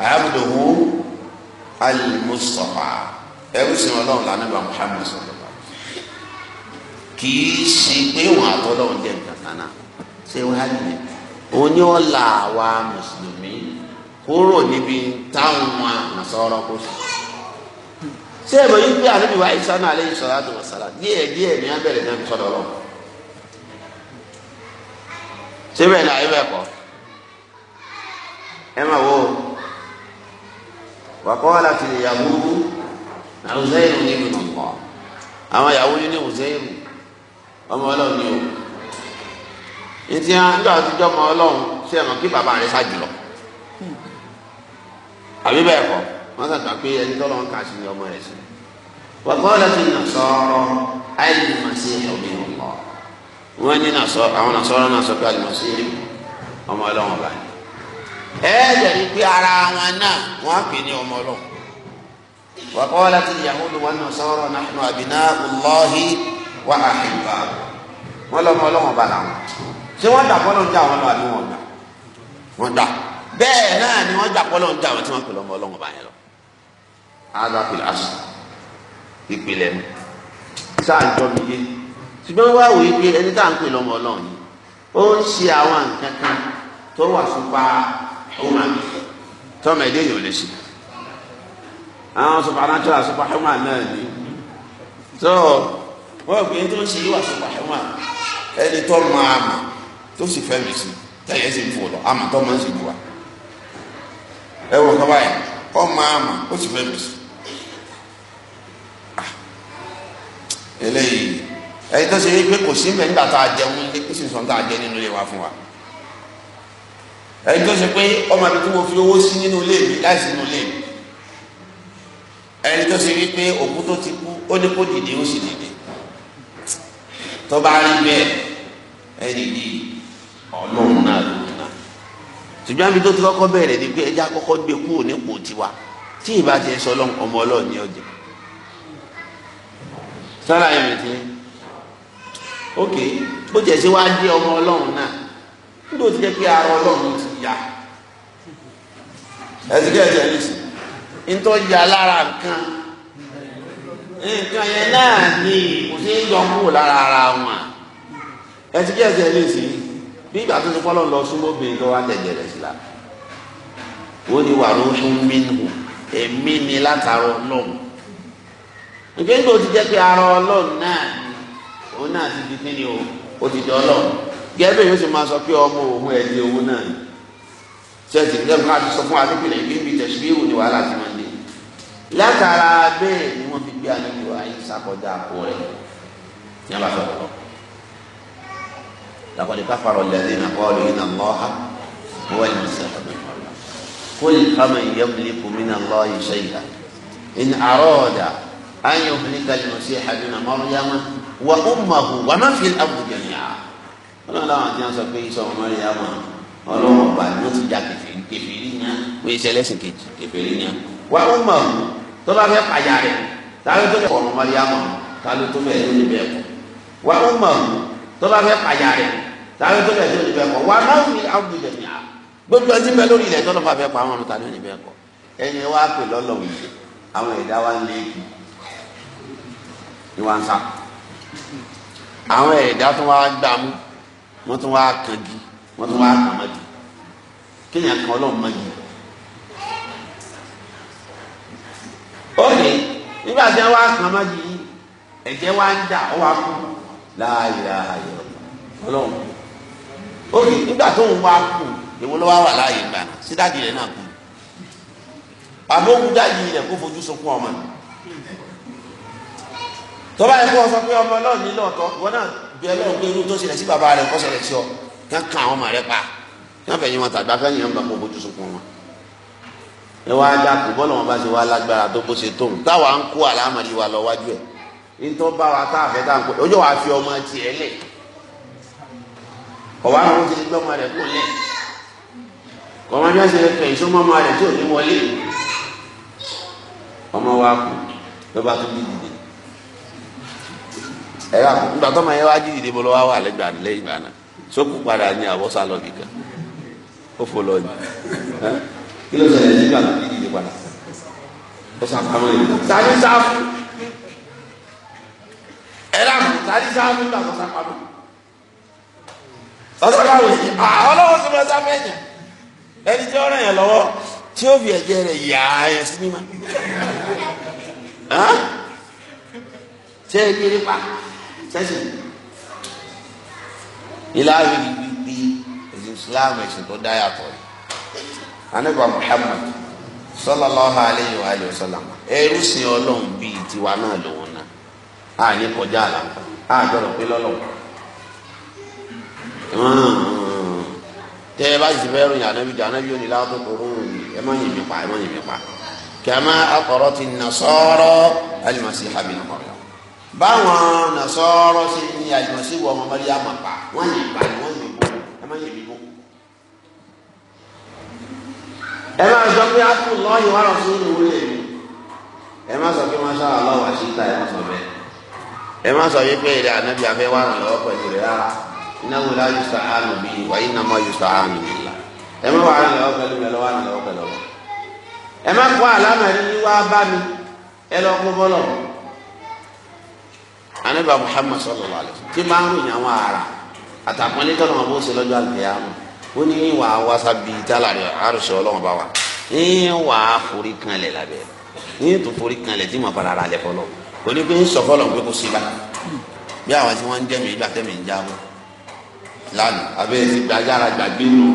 abduhu al-mustafa ẹrú sin Ọlọ́run lànà bá muhammad sallallahu alayhi wa sallam kì í ṣe wọn àtọlọ́run jẹ nǹkan kan náà ṣé wọn á nìyẹn oní ọ̀la àwa mùsùlùmí kúrò níbi táwọn nasọ́rọ́ kó sùn ṣé ẹ̀mọ̀ yìí pé ànábì wa Ìsá náà alayhi salatu wa salam díẹ̀ díẹ̀ ní abẹ́rẹ́ náà sọ̀rọ̀ lọ. ṣé bẹ́ẹ̀ ni àyẹ̀wò ẹ̀kọ́ ẹ máa wo wa qalatil yahudu Uzairu ibnullah àwọn ìyàwó yìí ní Uzairu ọmọ ọlọ́run ni o ìtì àjọ àtijọ́ ọmọ ọlọ́run ṣe ẹ̀mọ́ kí bàbá rẹ̀ ṣáàjù lọ àbí bẹ́ẹ̀ kọ́ wọ́n sàgbà pé ẹni tọ́lọ́ ń kà sí ọmọ rẹ̀ sí وقالت النصارى المسيح ابن الله وين نصارى او نصارى نصارى المسيح ọmọ ọlọ́run ọba ni ẹ jẹ̀rí pé ara wọn náà wọn á pè ní ọmọ ọlọ́run وقالت اليهود والنصارى نحن أبناء الله وأحباؤه wọn lọ́mọ ọlọ́run ọba làwọn ṣé wọ́n dà kọ́ ló ń jà àbí wọn dà wọn dà bẹ́ẹ̀ náà ni wọ́n dà kọ́ ló ń jà wọn pè lọ́mọ ọlọ́run yẹn lọ ìpìlẹ̀ mi sáà ń tọ́bi yé ṣùgbọ́n wá wòye pé ẹni tá à ń pè lọ́mọ ọlọ́run yìí ó ń ṣe àwọn nǹkan kan tó wà súpa ọmọ mi tọ́mọ ẹ̀dẹ́ yìí ò lè ṣe àwọn supernatural súpa ọmọ náà ni tó wọ́n pè é tó ń ṣe yìí wà súpa ọmọ ẹni tó mọ àmà tó sì fẹ́ mi sí tẹ̀yẹ sì ń fò lọ àmà tó máa ń sì jù wá ẹ wọ kọ́ báyìí ọmọ àmà ó sì fẹ́ mi sí. eléyìí ẹni tó ṣe wípé kò sí mbẹ nígbà tá a jẹun lé kó sì sọ tá a jẹ nínú ilé wa fún wa ẹni tó ṣe pé ọmọ mi tí mo fi owó sí nínú ilé mi láì sí nínú ilé mi ẹni tó ṣe wípé òkú tó ti kú ó ní kó dìde ó sì dìde tó bá rí bẹ́ẹ̀ ẹni yìí ọlọ́run náà ló ń ná ṣùgbọ́n àbí tó ti kọ́kọ́ bẹ̀rẹ̀ ni pé ẹja kọ́kọ́ gbé kúrò nípò tiwa tí ìbá ti ẹ sọ ọmọ ọlọ́run ní ọjọ́ sọ́la yẹn mi ti ok bó tiẹ̀ ṣe wá jẹ́ ọmọ ọlọ́run náà nígbà tó jẹ́ pé ara ọlọ́run ti yá ẹ̀sìnkẹ́ ẹ̀sìn ẹ̀lísì ntọ́ yà lára nǹkan nǹkan yẹn náà ni kò sí ń yọ kúrò lára ara wọn ẹ̀sìnkẹ́ ẹ̀sìn ẹ̀lísì bí ìgbà tó ti pọ́lọ́ lọ súnmọ́ obìnrin tó wá tẹ̀jẹ̀ rẹ̀ sí la wọ́n ní wàá ló sún ẹ̀mí mi látara ọlọ́run ìgbé ńgbò ti jẹ́ pé ara ọlọ́run náà ni òun náà ti di kí ni o ó ti di ọlọ́run gẹ́gẹ́ yóò sì máa sọ pé ọmọ òun ẹ̀ di owó náà ni ṣẹ́ẹ̀tì gẹ́gẹ́ bá ti sọ fún adébìnrin ìbí ibi tẹ̀síwìrì ni wàhálà ti máa ń dé látara bẹ́ẹ̀ ni wọ́n fi gbé anábì ayé sàkọjá àpò rẹ̀ ní abá lọ. lakọ̀dé káfàrọ̀ lẹ́dí náà kọ́ iná lọ́ha wọ́n ní sẹ́kọ̀dé an yuhlika al-masiha ibn maryama wa ummuhu wa man fil ardi jami'a ọlọ́run láwọn àti wọn sọ pé sọ ọmọ rẹ̀ yà wọn ọlọ́run ọba ni wọ́n ti ja kèfèrí yẹn wọ́n ṣe ẹlẹ́sìn kejì kèfèrí yẹn wa ummuhu tó bá fẹ́ pàjá rẹ̀ táwọn tó bẹ̀ ọmọ rẹ̀ yà wọn táwọn tó bẹ̀ lórí bẹ̀ kọ́ wa ummuhu tó bá fẹ́ pàjá rẹ̀ táwọn tó bẹ̀ lórí bẹ̀ kọ́ wa man fil ardi jami'a gbogbo ẹtí bẹ lórí ilẹ̀ tọ́lọ́ fà fẹ́ pa àwọn ọ̀nà tàbí ẹ̀ ni àwọn ẹ̀dá tó wá gbà mú wọ́n tó wá kànjú wọ́n tó wá kàmọ́jú kéèyàn kan ọlọ́run mọ́jú. ó nígbà tí wọ́n wá kàmọ́jú yìí ẹ̀jẹ̀ wá ń dà ó wá kú láàyè ààyè ọlọ́run ó nígbà tó ń wá kú èwo ló wá wà láàyè gbà náà sídáàdì rẹ̀ náà kú àbókù dáàdì rẹ̀ kó fojú sunkún ọmọ yìí tó bá yẹ kó o sọ pé ọmọ ọlọ́run ní lọ́ọ̀tọ́ ìwọ náà bí ẹ lọ́ọ̀ pé irú tó ṣẹlẹ̀ sí bàbá rẹ̀ kó ṣẹlẹ̀ sí ọ kan àwọn ọmọ rẹ̀ pa kí wọ́n fẹ̀yìn wọn tàbí afẹ́yìn wọn bá kó bójú sunkún wọn. ẹ wá ajá kù bọ́ọ̀lù wọn bá ṣe wá lágbára tó bó ṣe tó ń táwa ń kó àlámọ̀rí wa lọ wájú ẹ̀ nítorí bá wa tá àfẹ́ tá à ń kó ojú wa fi ọmọ tiẹ̀ lẹ̀ ọ̀wá àwọn ti gbọ́ ọmọ rẹ̀ kó lẹ̀ kọ́mọdé wọn ṣe fẹ̀ ìṣọ́mọ́ ọmọ rẹ̀ tó ní wọlé ẹ yà nígbà tó ma yẹ wá jí ìdìbò lọ wá wà lẹgbà lẹ́yìn ìgbà náà sókù padà ní àwọsà lọ nìkan ó fò lọ ní kí ló ṣẹlẹ̀ nígbà tó jí ìdìbò padà ó sà pamọ́ yìí tani sáfù ẹ yà tani sáfù nígbà tó sà pamọ́ ọsọ ká wòye ọlọ́wọ́ sọ ma sáfù ẹ̀jẹ̀ ẹni tí ọ̀rọ̀ yẹn lọ́wọ́ tí ó fi ẹ̀jẹ̀ rẹ̀ yàá yẹn sí mímá ṣé é kiri pa sẹ́sìn ìlàrí ibi ẹ̀sìn islam ẹ̀sìn tó dá yàtọ̀ rẹ̀ anábà muhammad sallallahu alayhi wa alayhi wa sallam ẹrú sin ọlọ́run bíi tiwa náà lòun náà àní kọjá àlàǹkà àjọrò pé lọ́lọ́run tẹ ẹ bá sì fẹ́ ròyìn ànábi jọ ànábi òní láwọn tó kọrọ òní ẹ má yìn mí pa ẹ má yìn mí pa kama aqarat an-nasara al-masiha bin Maryam. báwọn nàṣọ́rọ́ ṣe ní àjọṣe wọ ọmọ mọ́lẹ́ àmàpá wọ́n yìí bá wọ́n yìí bó ẹ má yìí bó. ẹ máa sọ pé apple lọ́yìn wà mi sọ pé wọ́n ẹ má sọ bẹ́ẹ̀ sọ wípé ànábì wà lọ́wọ́ pẹ̀lú rẹ̀ yóò wà la ẹ má wà lọ́wọ́ pẹ̀lú lọ́wọ́ anábà muhammad sallallahu alayhi wa sallam tí máa ń ròyìn àwọn ara àtàkùnlé tọ́lọ̀ wọn bó ṣe lọ́jọ́ àlùkìyàmù ó ní ìwà wàṣà bíi tálàrí àrùsọ ọlọ́wọ́n bá wà ní ìwà forí kanlẹ̀ lábẹ́ ní ètò forí kanlẹ̀ tí màá fara ara lẹ̀ fọlọ́ òní pé ń sọ fọlọ́ pé kò sí bá bí àwọn tí wọ́n ń dẹ́mi ìgbà tẹ́mi ń jábọ̀ lánàá abẹ́ ìgbàjára gbàgbé nù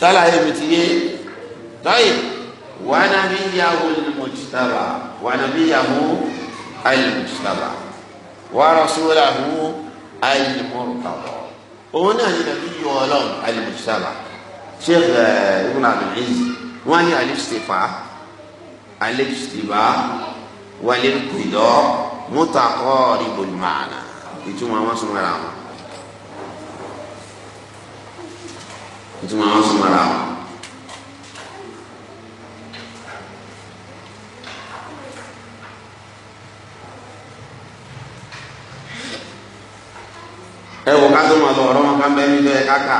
sálàyé mi ti yé tọ́yì wànàbíyàwó ni mo ti sábà wànàbíyàwó ayélujára wa rasulahu alimurukabọ òun náà ní nàbí yọ Ọlọ́run alimujitaba sheikh eh, ibn abdulaziz wọn ní alistifa alistifa walilkidọ mutakọribul maana ìtumọ̀ wọn sún mọ́ra wọn ìtumọ̀ wọn sún mọ́ra wọn. ẹ wò ká tó máa lọ ọ̀rọ̀ wọn ká bẹ́ẹ̀ nílò ẹ káka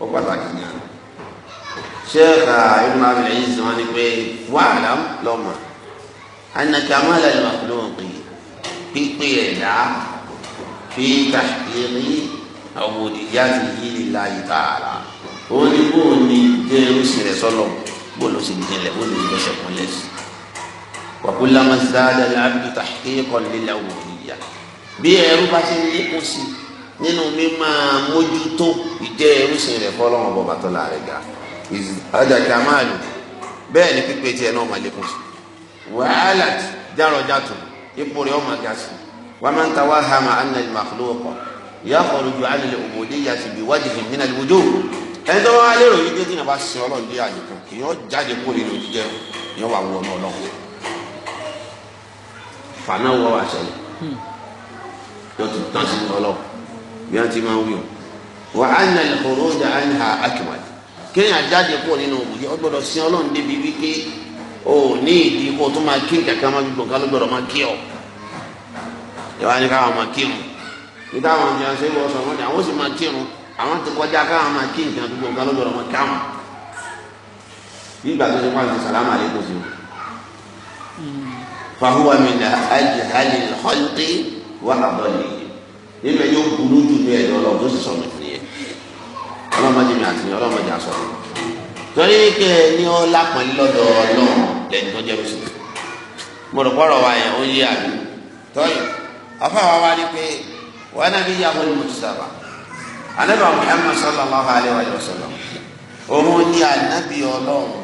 ó pàtàkì ní àná sheikh ibn abil aziz wọn ni pé wàhálà lọ́mọ anaka amala lè máa fi lóhùn pé pípé ẹ̀dá fi tàkìrì àwọn òdìjà ti yí lílá yìí tààrà ó ní bó o ní jẹ́ oṣù rẹ̀ sọ́lọ̀ bó o lọ sí ìdílé ó lè gbẹ́sẹ̀ kún lẹ́sìn wàkúlámà zádà lábìtà kéèkọ́ lílá òdìjà bí ẹrú bá ṣe ń lékún sí nínú mímá mójútó ìjẹ́ ẹrúsìn rẹ̀ fọlọ́run ọba tó la rẹ̀ ga àjàkà máa lò bẹ́ẹ̀ ni pípé tiẹ̀ náà máa lékún sí wàhálà járọjà tó ipò rẹ̀ ọmọ ga sí wàá máa ń ta wàá hàmà ànà ìmàkúlò ọkọ̀ ìyá ọ̀rọ̀ ju àlè òmòdé yàtì bí wájú fún mi náà ẹni tó wá lérò yìí déjì náà bá sin ọlọ́run dé àyè kan kì yọ jáde kó nínú jíjẹ yọ wà wọ bí wọ́n ti máa wí o wà á nà ìkòrò ọjà á nà àkìmọ̀lì kéèyàn jáde pọ̀ nínú òwúyẹ ó gbọ́dọ̀ sin ọlọ́run débi wípé o ní ìdí kó o tún máa kí kankan máa gbogbo kan ló gbọ́dọ̀ máa kí ọ ìwà ni káwọn máa kírun ní táwọn ọmọ ìyànsẹ́ ìwọ sọ wọn ni àwọn sì máa kírun àwọn ti kọjá káwọn máa kí nǹkan gbogbo kan gbọ́dọ̀ máa káwọn bí ìgbà tó ṣe pa sàlámà àlékún sí o. fahuwa min ajihali lọ́ọ̀dì wàhálà lọ́ọ̀dì nínú ẹjọ́ burú jù ní ẹ̀dọ́ ọlọ́run tó sì sọ̀rọ̀ fún yẹn ọlọ́mọdé mi àti ọlọ́mọdé àsọ mi torí kẹ ní ọ lápọ̀n lọ́dọ̀ ọlọ́run lẹ́yìn tó jẹ́ mùsùlùmí mo rò pọ̀rọ̀ wa yẹn ó yé àbí tọ́yì afáwa wa ni pé wọn náà bí yàgò ní mùsùlùmí anabi Muhammad sallallahu alayhi wa sallam òun ni anabi ọlọ́run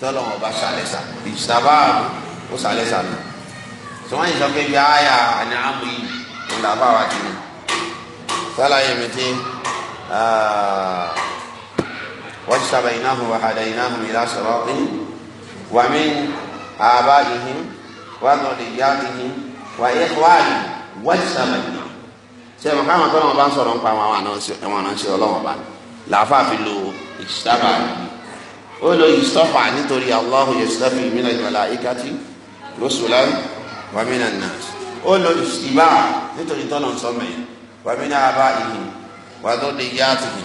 tọ́lọ̀ ọba sàlẹ̀sà ìsàbà ó sàlẹ̀sà mi sọ wọ́n yìí sọ pé bí a yà àná yìí ńlá bá wa kiri sálàyé mi ti wọ́n sábàá iná hùwà àdá iná hùwà ìlà sọ̀rọ̀ ẹ̀ wà mí àbá ìhìn wà nọ̀dì ìyá ìhìn wà yẹ kó àyè wọ́n sábàá iná ṣe é káwọn tó wọn bá ń sọ̀rọ̀ nípa àwọn ànáńṣẹ́ ọlọ́wọ́n bá làáfà fi lo ìṣàbà ó lo ìṣọ́fà nítorí Allahu yastafi minal malaikati rusulan wa minan nas ó lo ìṣìbá nítorí tọ́nà ń sọmọ yìí wà mí ní abá ìhì wà tó di yá ti hì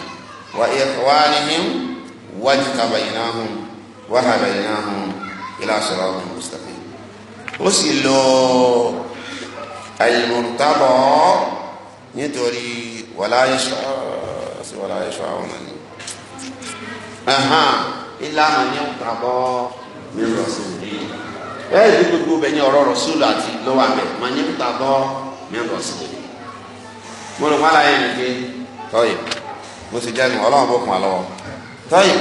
wà ìwà ni hì wà jù kaba yìí náà hùn wà hàbẹ̀ yìí náà hùn ilé aṣọ́ra ọ̀hún mustapha ó sì lo àyìnbùntàbọ̀ nítorí wàláyé sọ sí wàláyé sọ àwọn nàní. ilé àmàlẹ́ ń tàbọ̀ nínú ọ̀sẹ̀ ẹ ẹ gbogbo bẹ ní ọ̀rọ̀ rọsúlù àti lọ́wọ́ abẹ mà ní níta bọ mí lọ sí i mo lọ wàhálà yẹn nìké tọyì mo sì jẹnu Ọlọ́run bó kún wa lọ́wọ́ tọyì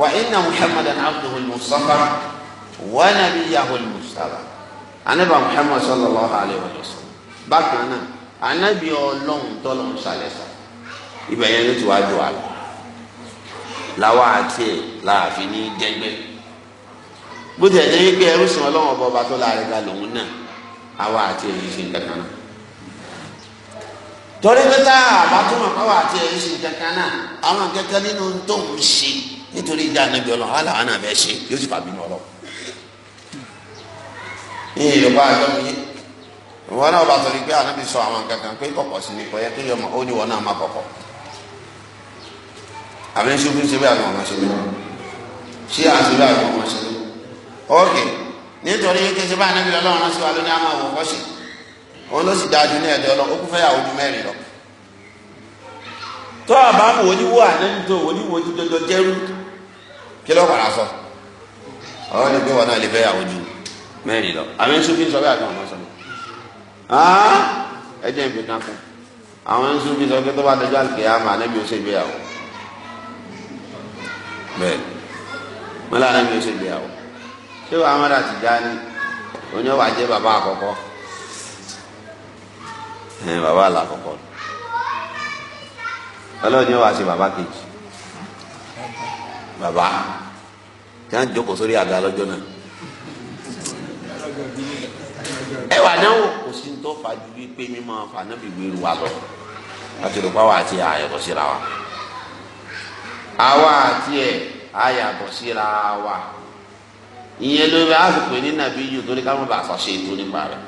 wa inna muhammadan abduhu mustafa wa nabiyyahu mustafa anaba muhammad sallallahu alayhi wa sallam bákan náà anabi Ọlọ́run tọlọ ń sọ ibẹ yẹn ló ti wá ju àlọ làwọn àti ẹ làáfin ní dẹgbẹ bó ti ẹ̀jẹ̀ wípé ẹrú sìn ọlọ́wọ́n ọba ọba tó láàrin ga lòun náà àwa àti èyí ṣe nǹkan kan náà torí pẹ́tà àbátúmọ̀ pàwọ́ àti èyí ṣe nǹkan kan náà àwọn kẹ́kẹ́ nínú tó ń ṣe nítorí ìjà ànábi ọlọ́run wàhálà wọn náà bẹ́ẹ̀ ṣe yóò sì fàbínú ọlọ́ ní ìlúpa àjọmọye wọn náà bá torí pé ànábi sọ àwọn nǹkan pé kọ̀kọ̀ sí ni kọ̀ yẹ kéèyàn ok nítorí kí ṣe bá anábìlẹ̀ ọlọ́run si sí wa lónìí àmọ́ àwọn ọ̀fọ́sì òun ló sì dájú ní ẹ̀dẹ̀ ọlọ́run ó kún fẹ́yàwó ju mẹ́rin lọ. tó a bá wò oníwò ojú jẹ́rú kí ló ọ̀rọ̀ ni pé wọn náà lè ju lọ sọ ẹ jẹ́ ìpè kan àwọn sọ pé tó bá ó bẹ́ẹ̀ mọ́lá ó ṣé wàá mọ́ra ti dá ní oní ọ̀wà jẹ́ bàbá àkọ́kọ́ bàbá àlà àkọ́kọ́ ọlọ́ọ̀ni ọ̀wà ṣe bàbá kejì bàbá tí wọ́n jókòó sórí àga lọ́jọ́ náà ẹwà náà kò sí ní tó fa ju wípé mímọ fanabi gbèrú wa lọ láti rò pàwọ́ àti àyàtọ̀ síra wa àwa àti ẹ̀ àyàtọ̀ síra wa ìyẹn ló bá a fi pè ní nàbí yìí torí ká má bàa ṣàṣe ètò nípa rẹ̀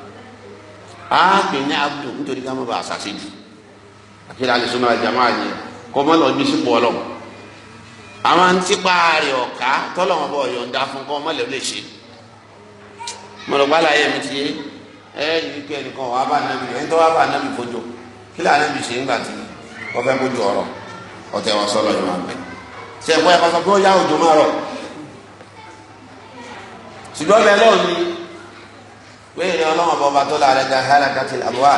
a pè ní abdul nítorí ká má bàa ṣàṣe jù àkìlá àti sọmọ àjàmọ àyè kọ mọ lọ bí sípò ọlọ àwọn tipa rẹ ọka tọlọ wọn bọ yọǹda fún kọ mọ lẹbi lè ṣe mọlọgbà láyé mi ti yé ẹ yìí pé ẹnìkan wàá bá nàbì ẹni tó wàá bá nàbì fojú kí làá nàbì ṣe ńgbà tí wọn fẹ́ fojú ọ̀rọ̀ ọtẹ wọn sọlọ yìí wọn bẹ ṣe ẹ̀kọ́ pé ó yá òjò máa rọ̀ ṣùgbọ́n bẹ́ẹ̀ lọ́wọ́ ni wéyìn ni ọlọ́wọ́n bọ́ bá tó la rẹ̀ ga halakati abuwa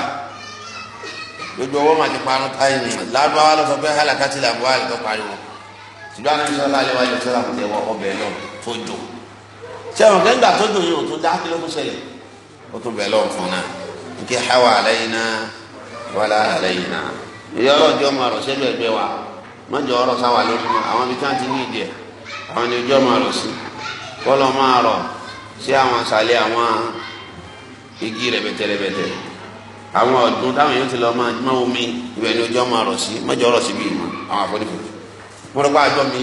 gbogbo owó màá ti parun táyì ni lárúbáwá lọ sọ pé halakati abuwa yìí tó pariwo ṣùgbọ́n àwọn ìṣọ́lá alẹ́ wájú sọ́lá kò tẹ̀ wọ ọbẹ̀ náà tó jò sẹ́wọ̀n kẹ́ńgbà tó jò yìí ò tó dá kíló tó ó tó bẹ̀ lọ́wọ́ fún náà nkí hawa alayna wala alayna ìyá ọlọ́jọ́ máa ọ̀rọ̀ sí àwọn àṣàlẹ̀ àwọn igi rẹ̀bẹ̀tẹ̀rẹ̀bẹ̀tẹ̀ àwọn ọ̀dún táwọn èèyàn ti lọ máa má omi ibẹ̀ ni ojú ọmọ rọ̀ sí mọ́jọ rọ̀ sí bí ìmọ̀ àwọn àfọ́nìfọ́ mo rọ pé àjọ mi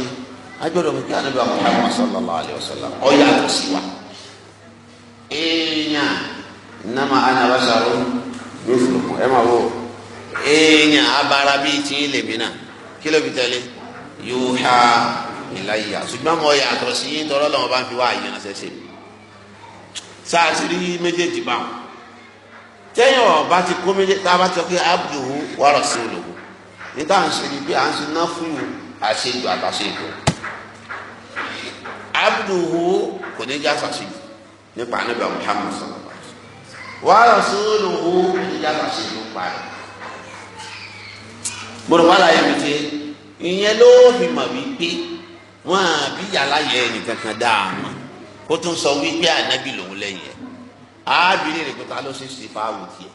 àjọ rẹ̀ kí ànábì Muhammad sallallahu alaihi wasallam ó yàtọ̀ sí wa. èèyàn innama ana basharun mithlukum ẹ máa wò èèyàn abara bíi tí ń lè mí náà kí ló fi tẹ̀lé yuha ilayya ṣùgbọ́n mo yàtọ̀ sí tọ́lọ́lọ́wọ́ bá ń fi wá àyè ránṣẹ́ sí mi sáàsìrí méjèèjì bá wọn tẹ́yìn ọba ti kó méjèèjì tá a bá ti sọ pé abduhu wa rasuluhu níta à ń ṣe ni pé à ń ṣe ná fún ìwò àṣejù àtàṣejù abduhu kò ní já sàṣejù nípa anábì Muhammad sọlọ́ba wa rasuluhu kò ní já sàṣejù parí. gbọdọ̀ wà mi ti ìyẹn ló fi mọ̀ wípé wọ́n á yàrá yẹn nìkan kan dáa mọ́ ó tún sọ wípé ànábì lòun lẹ́yìn ẹ̀ ábìlì rẹ̀ pé ta ló ṣe ìṣìbá àwù tiẹ̀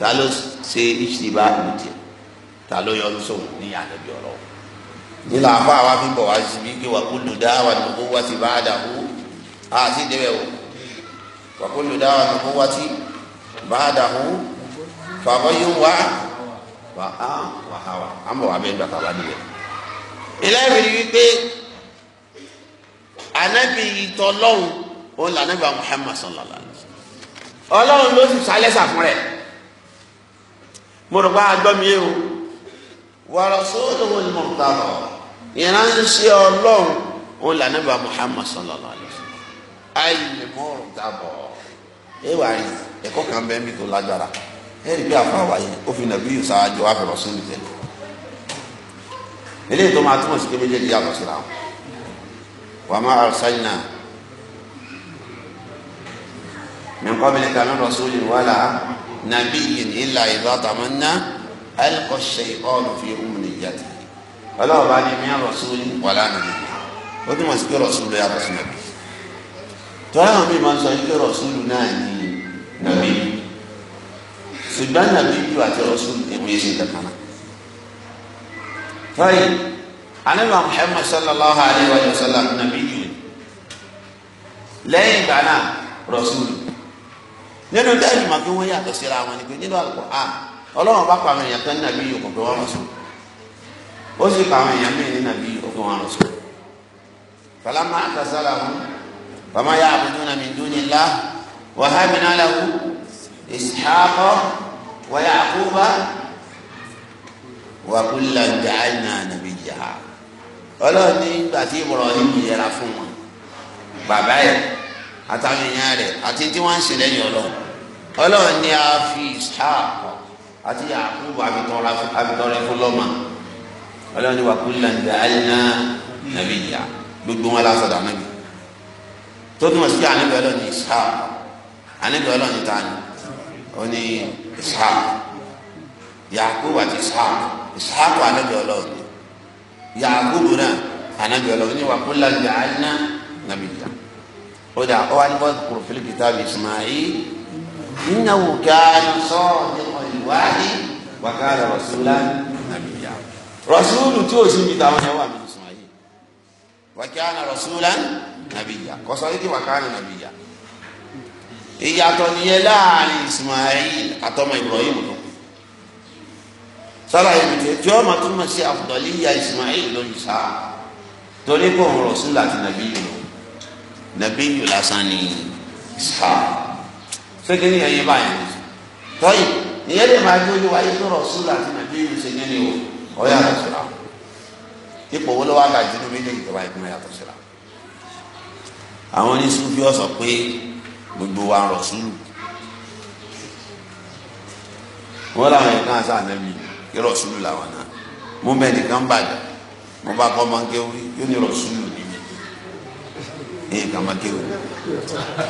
ta ló ṣe ìṣìbá àwù tiẹ̀ ta ló yọ ọdún sóhun ní ànábì ọ̀rọ̀ nílò àfa àwa fi bọ̀ wá sí bí pé wàkúlù dáwà ní kó wá sí bá dàkú àti ìdẹ́wẹ̀ o wàkúlù dáwà ní kó wá sí bá dàkú fàbọ̀yé wá wà á wà á wà á mọ̀ wà bẹ́ẹ̀ gbàtà wá níbẹ̀. ilé ìwé ni wípé anabi ìtọ́lọ́hún ó là anabi muhammad sallallahu alayhi wa sallam ọlọ́run ló sì sálẹ̀ sàfún rẹ̀ mo rò pé agbọ́ mi yé o wa rasuluhul murtada ìránṣẹ́ ọlọ́run ó là anabi muhammad sallallahu alayhi wa sallam ayé murtada ẹ wà rí ẹ̀kọ́ kan bẹ́ẹ̀ mi tó lágbára ẹ̀rí bí àfa wáyé ó fi nàbí yìí sáájú wá fẹ́ eléyìí tó máa túmọ̀ sí pé méjèèjì yàtọ̀ síra wọn wàmà arsalna min qablika min rasulin wala nabiyyin illa idha tamanna alqa shaytanu fi umniyati ọlọ́wọ́ bá ní min rasulin wala nabiyyin ó túmọ̀ sí pé rọ̀súlù yàtọ̀ sí nàbí tọ́lá àwọn míì máa ń sọ yìí pé rọ̀súlù náà ní nàbí ṣùgbọ́n nàbí yìí àti rọ̀súlù èmi yé ṣe kankan náà anabi muhammad sallallahu alayhi wa sallam nabiyyu lẹ́yìn ìgbà náà rọ̀ṣúlù nínú dáàbì màá fi wọ́n yàtọ̀ síra wọn ni pé nínú Al-Qur'an ọlọ́run bá pa àwọn èèyàn kan ní nabiyyu kò pé wọ́n ó sì pa èèyàn míì ní nabiyyu kò pé wọ́n rọ̀ṣúlù falamma àtàsára wọn fama ya'buduna min dunillah wa habna lahu ishaqa wa yaquba wa kullan ja'alna nabiyya ọlọ́run ní gbàtí ìmọ̀ràn níbi yẹra fún wọn bàbá yẹn àtàwọn èèyàn rẹ̀ àti tí wọ́n ń ṣe lẹ́yìn ọlọ́run ọlọ́run ní a fi ìṣáàpọ̀ àti Yakubu àfitọ́rẹ fún lọ́mà ọlọ́run ní wàkúlẹ̀ ń bẹ àyìnà nàbí ìyá gbogbo wọn lásọdọ̀ ànábì tó túmọ̀ sí ànábì ọlọ́run ní ànábì ọlọ́run ní tani ó ní ìṣáàpọ̀ Yakubu àti ìṣáàpọ̀ ìṣáàpọ̀ ànábì ọlọ́run yaagudu náà anabi ọlọ́run ní wàkúlà jàánà nàbìyà ó dà ọ wá ní bọ́ọ̀lù kúrò fílíkì tábì ismail nínàwó káàní sọ́ọ̀ nípa ìwádìí wàkàlà rọ̀ṣúlá nàbìyà rọ̀ṣúlù tí ó sì ń bi táwọn yẹn wà mí ismail wàkàlà rọ̀ṣúlá nàbìyà kọ́sọ́ yìí kí wàkàlà nàbìyà ìyàtọ̀ nìyẹn láàrin ismail àtọmọ ibrahim tó sára ibi tí tí ọmọ tó mọ̀ sí àfùdọ̀líyà Ismail ló ń sá torí kò ń rọ̀ sílẹ̀ àti nàbí yìí lọ nàbí yìí lásán ni sá ṣéke ní ẹyin báyìí tọ́yì ìyẹn lè máa gbójú wáyé tó rọ̀ sílẹ̀ àti nàbí yìí ṣe ní ni o ọ̀yà rẹ̀ sọ̀rọ̀ ipò wo ló wá gà jínú méjèèjì tó bá ìpínlẹ̀ yàtọ̀ síra àwọn oníṣúfì ọ̀sọ̀ pé gbogbo wa rọ̀ sílù wọ́n làwọn ẹ̀ka àṣà nàbí yìí ìrọ̀sùlù làwọn náà mo bẹ nìkan bàjẹ́ mo bá kọ́ máa kéwì yóò ní ìrọ̀sùlù níbi èyí kan máa kéwì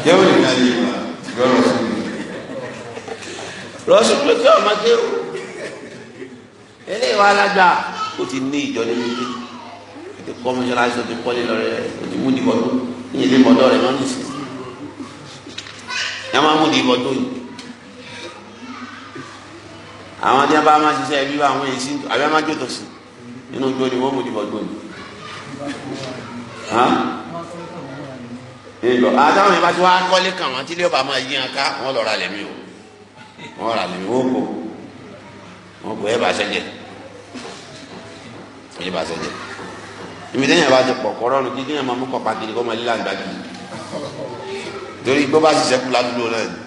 kéwì nìkan yìí wà yóò rọ̀sùlù níbi rọ̀sùlù tí wọ́n máa kéwì eléyìí wà lájà o ti ní ìjọ nínú ilé ó ti kọ́ mọ́ṣáláṣí ó ti kọ́lé lọ́rẹ́ ó ti mú ní ìbọ̀dọ̀ ní ilé mọ́dọ̀ rẹ̀ máa ń sìn máa mú ní ìbọ̀dọ̀ yìí àwọn tí wọn bá máa ṣiṣẹ́ bí àwọn èyí sí àbí wọn máa jó tòsí inú gbó ni wọn mú ìdìbò gbó ni. ìlọ àtàwọn ìbá tí wọn á kọ́lé kan wọn tí ilé ọba máa yí wọn ká wọn lọ ra lẹ́mí o wọn ra lẹ́mí wọn kò wọn kò ẹ bá ṣẹjẹ ẹ bá ṣẹjẹ ibi tẹ́yìn bá ti pọ̀ kọ́rọ́ nu kí kéèyàn máa mú kọ́ pàkìrì kọ́ máa lílà gbàgì torí gbọ́ bá ṣiṣẹ́ kú ládùúgbò náà ni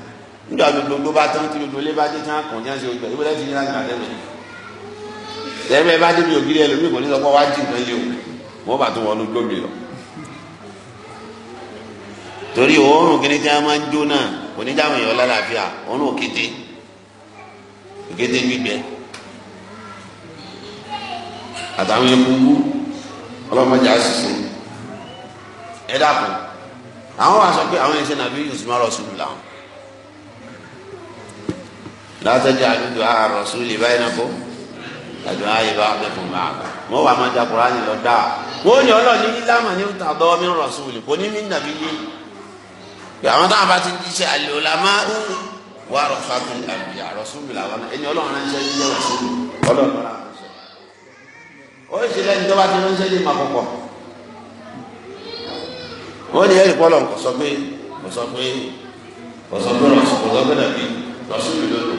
nígbà gbogbo gbogbo bá tán tí gbogbo ilé bá dé tí wọn kàn tí wọn ṣe gbogbo ìwé lẹ́sìn yín láti máa tẹ́lẹ̀ tẹ́lẹ̀ bá débi ògiri ẹlòmíì kò ní sọ pé nǹkan yìí o wọ́n bá tún wọnú gbòmìn lọ. torí òórùn kìíní tí wọn máa ń jó náà kò ní jáwé yọ lálàáfíà òórùn òkété òkété gbígbẹ àtàwọn egungun ọlọ́mọdé àṣìṣe ẹ dàpọ̀ àwọn wàá sọ pé àwọn ẹ̀ṣẹ̀ nàbí yusuf máa rọ̀ sùn látọjọ àdúgbò àròsù lè báyìí náà kó àdúgbò àyè bá wọn fún máa wọn wà máa dàpọ̀ láti lọ dáa wọn ò ní ọlọ́ọ̀ni lámà ní tàdọ́ mi rọ̀sù lè kó ní mí nàbí yé pé àwọn táwọn bá ti di iṣẹ́ àlè ọ̀la máa ń wà rọ̀fà tó àbí àròsù lè làwọn ẹni ọlọ́run ránṣẹ́ ní rọ̀sù lè ọlọ́run ránṣẹ́ ó sì lẹ́ni tó bá ti ránṣẹ́ lè máa kọ̀kọ̀ wọ́n ní ẹ̀rí pọ́lọ̀ kọ̀sọ́ pé kọ̀sọ́ pé kọ̀sọ́ pé rọ̀sù kọ̀sọ́ pé nàbí rọ̀sù lè lọ́dọ̀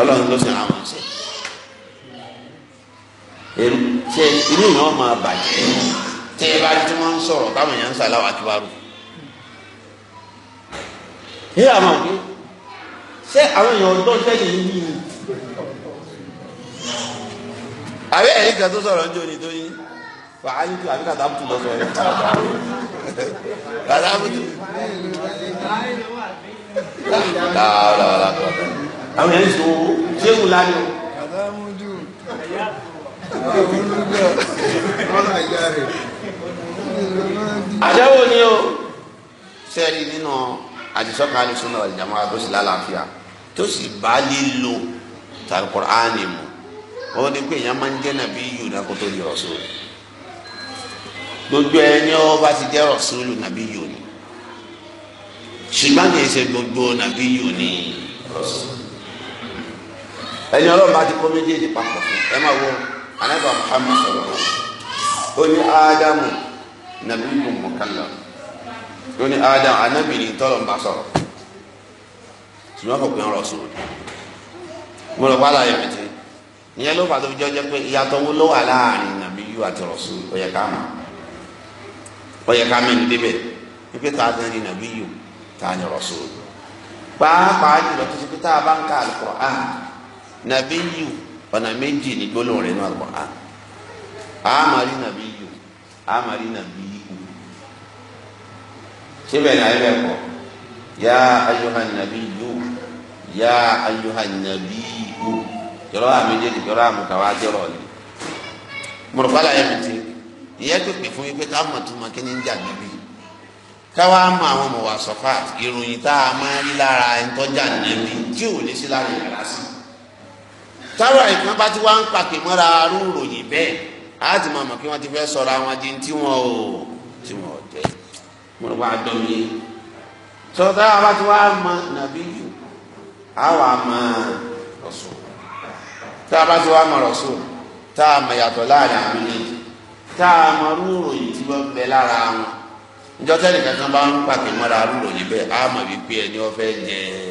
ọlọ́run ló ṣe àwọn ṣe ṣe inú yìí wọ́n máa bàjẹ́ tẹ́ ẹ bá tí wọ́n ń sọ̀rọ̀ táwọn èèyàn ń sọ aláwọ̀ akíwárò ṣé àwọn òbí ṣé àwọn èèyàn ọdọ́ tẹ́lẹ̀ ń yí ni àbẹ́ ẹ̀rí kan tó sọ̀rọ̀ ń jó ni tó yí fàáyí tó àbí kàtà bùtù lọ sọ kàtà bùtù. àwọn yẹn sọ jésù lánàá o. kàdámùdù olùgbà ọ̀là o sẹ́ẹ̀rì nínú lálàáfíà tó sì bá mu ní pé èèyàn máa ń jẹ́ nàbí yù náà kó tó di gbogbo bá gbogbo nàbí yù ẹni ọlọ́run bá ti kó méjèèjì papọ̀ fún ẹ máa wo anábà Muhammad sọ̀rọ̀ ó ní ádámù nabiyyun mukallam ó ní ádámù anábì ní tọ́lọ̀ ń bá sọ̀rọ̀ ṣùgbọ́n kò pín ọ̀rọ̀ sọ̀rọ̀ mo lọ wàhálà yẹn ti ìyẹn ló fà tó fi jọ jẹ pé ìyàtọ̀ wo ló wà láàrin nabiyyu àti rasul ó yẹ ká mọ̀ ó yẹ ká mẹ́nu débẹ̀ wípé tá a ní nabiyyu tá a ní rasul pàápàá jùlọ tó ti pé tá a bá ń ka al-Qur'an nàbíyù ọ̀nà méjì ní gbólóhùn rẹ̀ nínú àgbọ̀n àmàrí nàbíyù àmàrí nàbíyù síbẹ̀ ní ayébẹ̀ kọ́ yá ayọ́hà nàbíyù yá ayọ́hà nàbíyù jọ̀rọ̀ àmì jẹ́jì jọ̀rọ̀ àmì kàwá jọ̀rọ̀ ni mùrùkọ́lá yẹn mi ti ìyẹn pèpè fún mi pé ká mọ̀ tó kí ni ń jà níbí káwá mọ àwọn mọ̀wá sọ́fà ìròyìn tá a máa ń rí lára ẹni tọ́jà níbi tí ò ní sí lára ìyàrá sí i. táwọn ìkan bá ti wá ń pàpè mọ́ra arú ròyìn bẹ́ẹ̀ á ti máa mọ̀ kí wọ́n ti fẹ́ sọ̀rọ̀ àwọn tí wọ́n jẹ́ wá ti wá mọ nàbí yù á wà mọ bá ti wá mọ mọ̀ yàtọ̀ láàrin àwọn ròyìn tí wọ́n bẹ lára wọn njọ tẹni kankan bá ń mọ́ra á mọ̀ wípé ẹni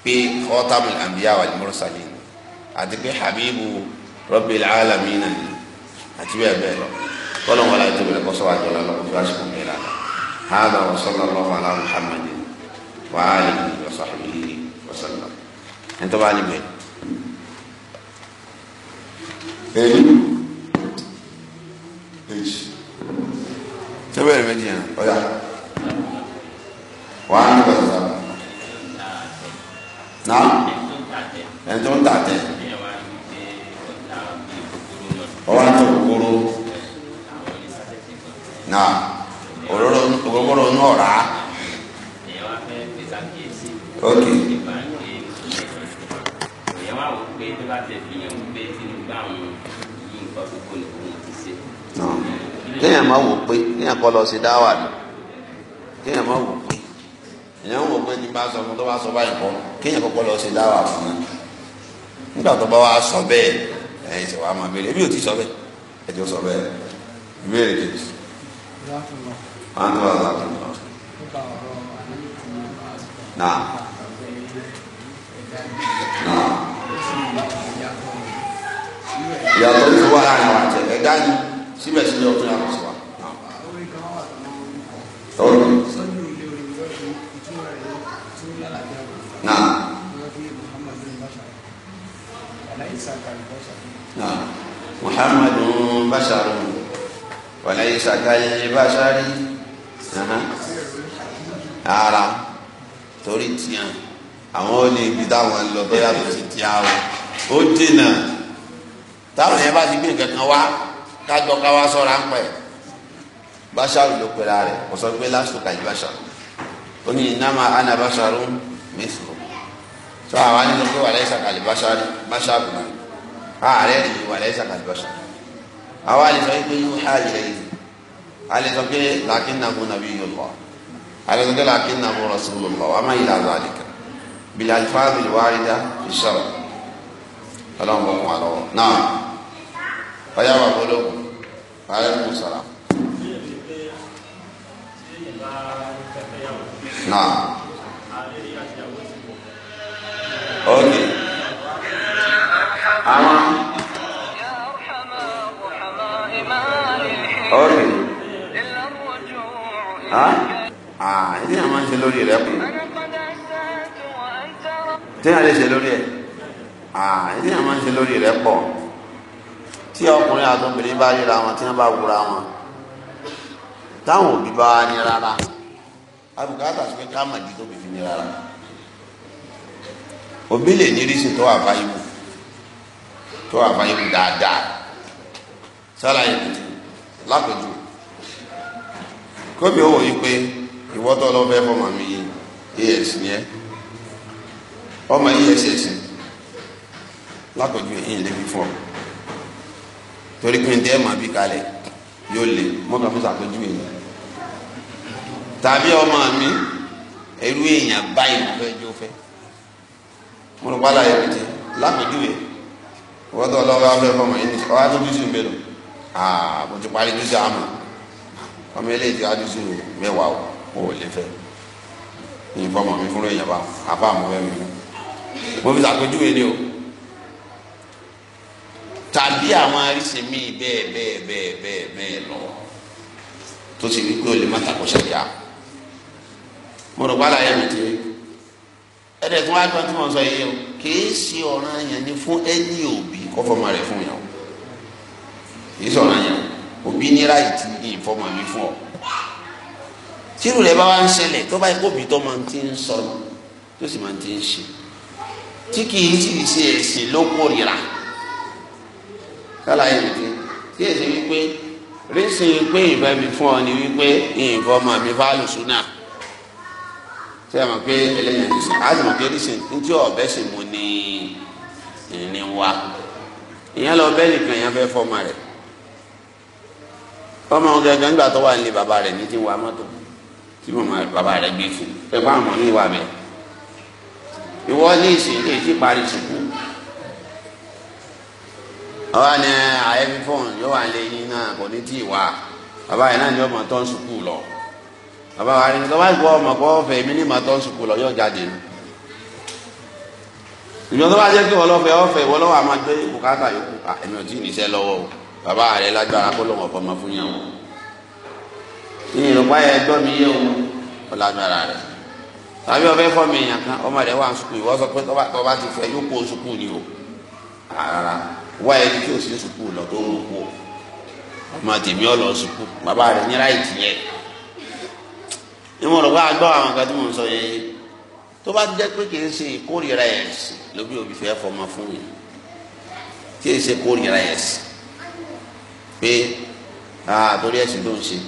pé khatamul anbiya wal mursalin àti pé habibu rabbil alamin ni àti bẹ́ẹ̀ bẹ́ẹ̀ lọ kọ́lọ̀ wọn láti tóbi lẹ́kọ́ sọ́wọ́ àjọlá lọ́kọ́ fún aṣọ mi rà hàdà wa sallallahu ala muhammadin wa alihi wa sahbihi wa sallam ẹni tó bá níbẹ̀. èyí èyí sẹ́bẹ̀rẹ̀ méjì yẹn ọ̀yà wàá nígbà tó sábà na ẹni tó ń tà tẹ ọwọ́ àti òkúrú na òróró òkúrú ní ọ̀rá ok. kéèyàn máa wò pé kéèyàn kọ́ lọ sí dáwà ni kéèyàn máa wò pé èèyàn wò pé ní bá sọ fún tó bá sọ báyìí kọ́ kéèyàn kọ́kọ́ lọ sí dáwà fún un nígbà tó bá wà sọ bẹ́ẹ̀ ẹ̀yin ṣe wàá máa béèrè ebi ò ti sọ bẹ́ẹ̀ ẹ sọ bẹ́ẹ̀ ìbéèrè kejì. wọ́n á tó wà lọ́wọ́. náà náà ìyàtọ̀ ìfi wá láàrin àwọn àjẹ ẹ̀dá ni síbẹ̀síbẹ̀ ọ̀tún yàtọ̀ sí wa. نعم نعم محمد بشر وليس كالبشر ara torí tiẹ̀ àwọn ò ní ibi táwọn ń lọ tó yàtọ̀ sí ti àwọn ó dènà táwọn yẹn bá ti gbé nǹkan kan wá kájọ ká wá sọ̀rọ̀ à ń pẹ̀ báṣárù ló pera rẹ̀ kò sọ pé lásìkò kàyí báṣárù ó ní ìnáma anabasaro mẹsìlò tó àwa nínú pé wàlẹ́ ìsàkàlì báṣáàbù náà ààrẹ rè wàlẹ́ ìsàkàlì báṣáàbù àwa lè sọ pé yóò há ìrẹ́ yìí a lè sọ pé làákín nàbó nàbí yóò lọ a lè sọ pé làákín nàbó rasulù lọ wà má ìlà àzọ àdìkà bìlà alifáàbì wàrídà fi sọ̀rọ̀ ọlọ́run bọ̀ fún wa náà ọyá wa gbọ́dọ̀ ààrẹ kò sọ̀rọ̀. náà ok àwọn ok ah ẹni àwọn máa ń ṣe lórí rẹ kù tí a lè ṣe lórí ẹ ah ẹni àwọn máa ń ṣe lórí rẹ pọ̀ tí ọkùnrin àti obìnrin bá ríra wọn tí wọn bá wúra wọn táwọn òbí bá ní rárá. abùkátà sí pé ká mà di tó fi ní rárá òbí lè ní rísì tó àbáyébù tó àbáyébù dáadáa sálàyé kùtù lápẹjù kóbi owó yìí pé ìwọ́tọ̀ lọ fọmọ mi as esi ẹ ọmọ ess lápẹjù èyí lè fi fọ torí pé ǹdẹ́ màbí kalẹ̀ yóò lè mọ́kànfọ́sà pẹ̀jú èyí. tàbí ọmọ mi irú èèyàn báyìí mo fẹ́ jó fẹ́ mo rò wá láyé pété lápèjúwe wọ́n tó ọlọ́wọ́ afẹ́ fọmọ yìí nìkan wọ́n á tó dúdú mi lò aa mo ti parí dúdú àmọ́ ọmọ eléyìí ti wá dúdú mẹ́wàá o ò lè fẹ́ yìnbọn mọ̀ mi fún èèyàn bá àbá mo fẹ́ mi mo fi sàpèjúwe ni o tàbí àwọn arísè míì bẹ́ẹ̀ bẹ́ẹ̀ bẹ́ẹ̀ bẹ́ẹ̀ bẹ́ẹ̀ lọ tó ti wí pé o lè má takò sẹ́yà mo rò wàhálà yẹn mi ti rí ẹ̀dẹ̀ tí wọ́n á gbọ́ sọ yìí o kìí ṣe ọ̀ràn yẹn ni fún ẹni òbí kọ́ fọmọ rẹ̀ fún yàn o kìí ṣe ọ̀ràn yẹn òbí ní ráìtì ní ìfọmọ mi fún ọ tírù rẹ bá wá ń ṣẹlẹ̀ tó bá yẹ kóbi tó máa ti ń sọ tó sì máa ti ń ṣe tí kìí sì ṣe ẹ̀sìn ló kórìíra kálá yẹn ti tí ẹ̀sìn wípé rísìn pé ìfẹ́ mi fún ọ ni wípé ìfọmọ mi fálùsùn náà ṣé ẹ mọ̀ pé ẹlẹ́yìn ẹ̀dí sìn á sì mọ̀ pé ẹ̀dí sìn ní tí ọ̀bẹ sì mú ní ní wa ìyẹn lọ bẹ́ẹ̀ nìkan ìyẹn fẹ́ fọ́ ọmọ rẹ̀ ọmọ ọ̀hún gẹ́gẹ́ nígbà tó wà nílé bàbá rẹ̀ ní ti wa mọ́tò tí mọ̀mọ́ bàbá rẹ̀ gbé fún ẹ bá mọ̀ ní ìwà bẹ́ẹ̀ ìwọ ní ìsìn ní èyí ti parí sùkú ọba ni àyẹ̀fí fóun yóò wà lé yín náà kò ní tí ì wá bàbá yẹn náà ni ọmọ tó ń sùkú lọ bàbá wa ni lọ́wọ́ ìgbọ́ ọmọ kọ́ fẹ́ mi ní màtọ́ sùkúù lọ yóò jáde nù. ìjọ tó bá jẹ́ kí ọlọ́fẹ́ ọ̀fẹ́ ìwọ lọ́wọ́ àmọ́ gbé bùkátà yòókù èmi ò tí ì níṣẹ́ lọ́wọ́ o bàbá rẹ lágbára kó lọ́wọ́ fọmọ fún yàn o. ìyìn ló báyà ẹgbọ́ mi yé òun kó lágbára rẹ. tàbí ọbẹ̀ fọ́ mi èèyàn kan ọmọ rẹ wà ń sùkúù ìwọ sọ pé tọ́ bá ti fẹ́ yóò kó sùkúù ni o. àrà wá ẹni tí ò sí sùkúù lọ tó ń kú o ọmọ tèmi ọ̀ lọ sùkúù bàbá rẹ ní ráìtì yẹn ìmọ̀ rẹ̀ wá gbọ́ àwọn kan tí mò ń sọ yẹn yìí tó bá jẹ́ pé kìí ṣe ìkórìíra ẹ̀sìn lóbi òbí fẹ́ fọmọ fún mi kìí ṣe ìkórìíra ẹ̀sìn pé àtòrí ẹ̀sìn tó ń ṣe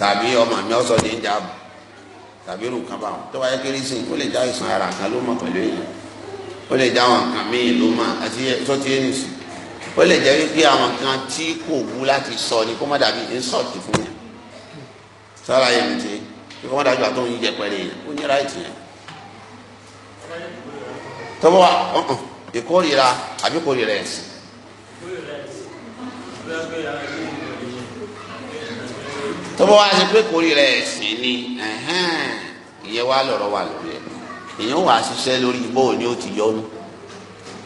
tàbí ọmọ mi ọ̀sọ̀ ní ìjà tàbí irú kan báwọn tó bá yẹ kéré sí ó lè já ìsàn ara kan ló mọ̀ pẹ̀lú èèyàn ó lè já àwọn nǹkan míì ló mọ̀ àti tó ti ń sùn ó lè jẹ́ wípé àwọn kan tí kò wú láti sọ ni kó má dàbí ń sọ̀tì fún yàn sára yẹn ti kí wọ́n dájú àtọ́ yín jẹ pẹ̀lẹ́ yẹn ó ní ráìtì yẹn. tọ́wọ́ wa ìkórìíra àbí kórìíra ẹ̀sìn. tọ́wọ́ wa ṣe pé kórìíra ẹ̀sìn ni ìyẹn wá lọ́rọ̀ wà lórí ẹ̀ èèyàn wà á ṣiṣẹ́ lórí bó o ní o ti yọnu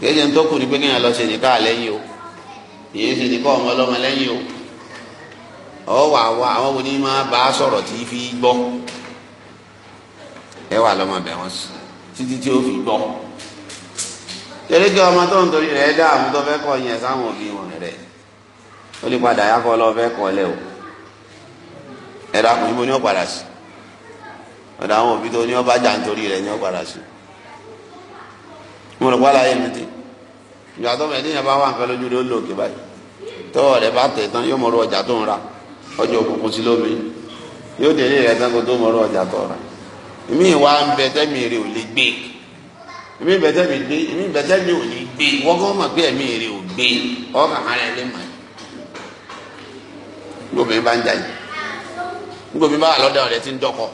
kéde ń tó kù ní pé kéèyàn lọ ṣe nìkan lẹ́yìn o èèyàn ṣe nìkan ọmọ ọlọ́mọ lẹ́yìn o. ọwọ àwọn àwọn wo ni máa bá a sọrọ tí fi gbọ ẹ wà lọ́mọbẹ wọn títí tí ó fi gbọ torí kí ọmọ tó ń torí rẹ̀ dáàmú tó fẹ́ yẹn sáwọn òbí wọn ó o ni ó padà sí rẹ̀ ni ó padà sí mo rò rẹ̀ ó lò òkè báyìí bá tán yóò Ọjọ òkùnkùn sí lómi yóò délé rẹ tán tó mọ̀rọ̀ ọjà tọ̀ rà èmi ìwà ń bẹ tẹ́mi rè ò lè gbé èmi ìbẹ tẹ́mi gbé èmi ìbẹ tẹ́mi ò lè gbé wọ́n kọ́ mọ̀ pé ẹ̀mí rè ò gbé ọkàn ara ẹ̀ lè mọ̀ ẹ́ mi bá ń jáde gbogbo mi bá wà lọ́dọ̀ ń dọ́kọ̀ kọ́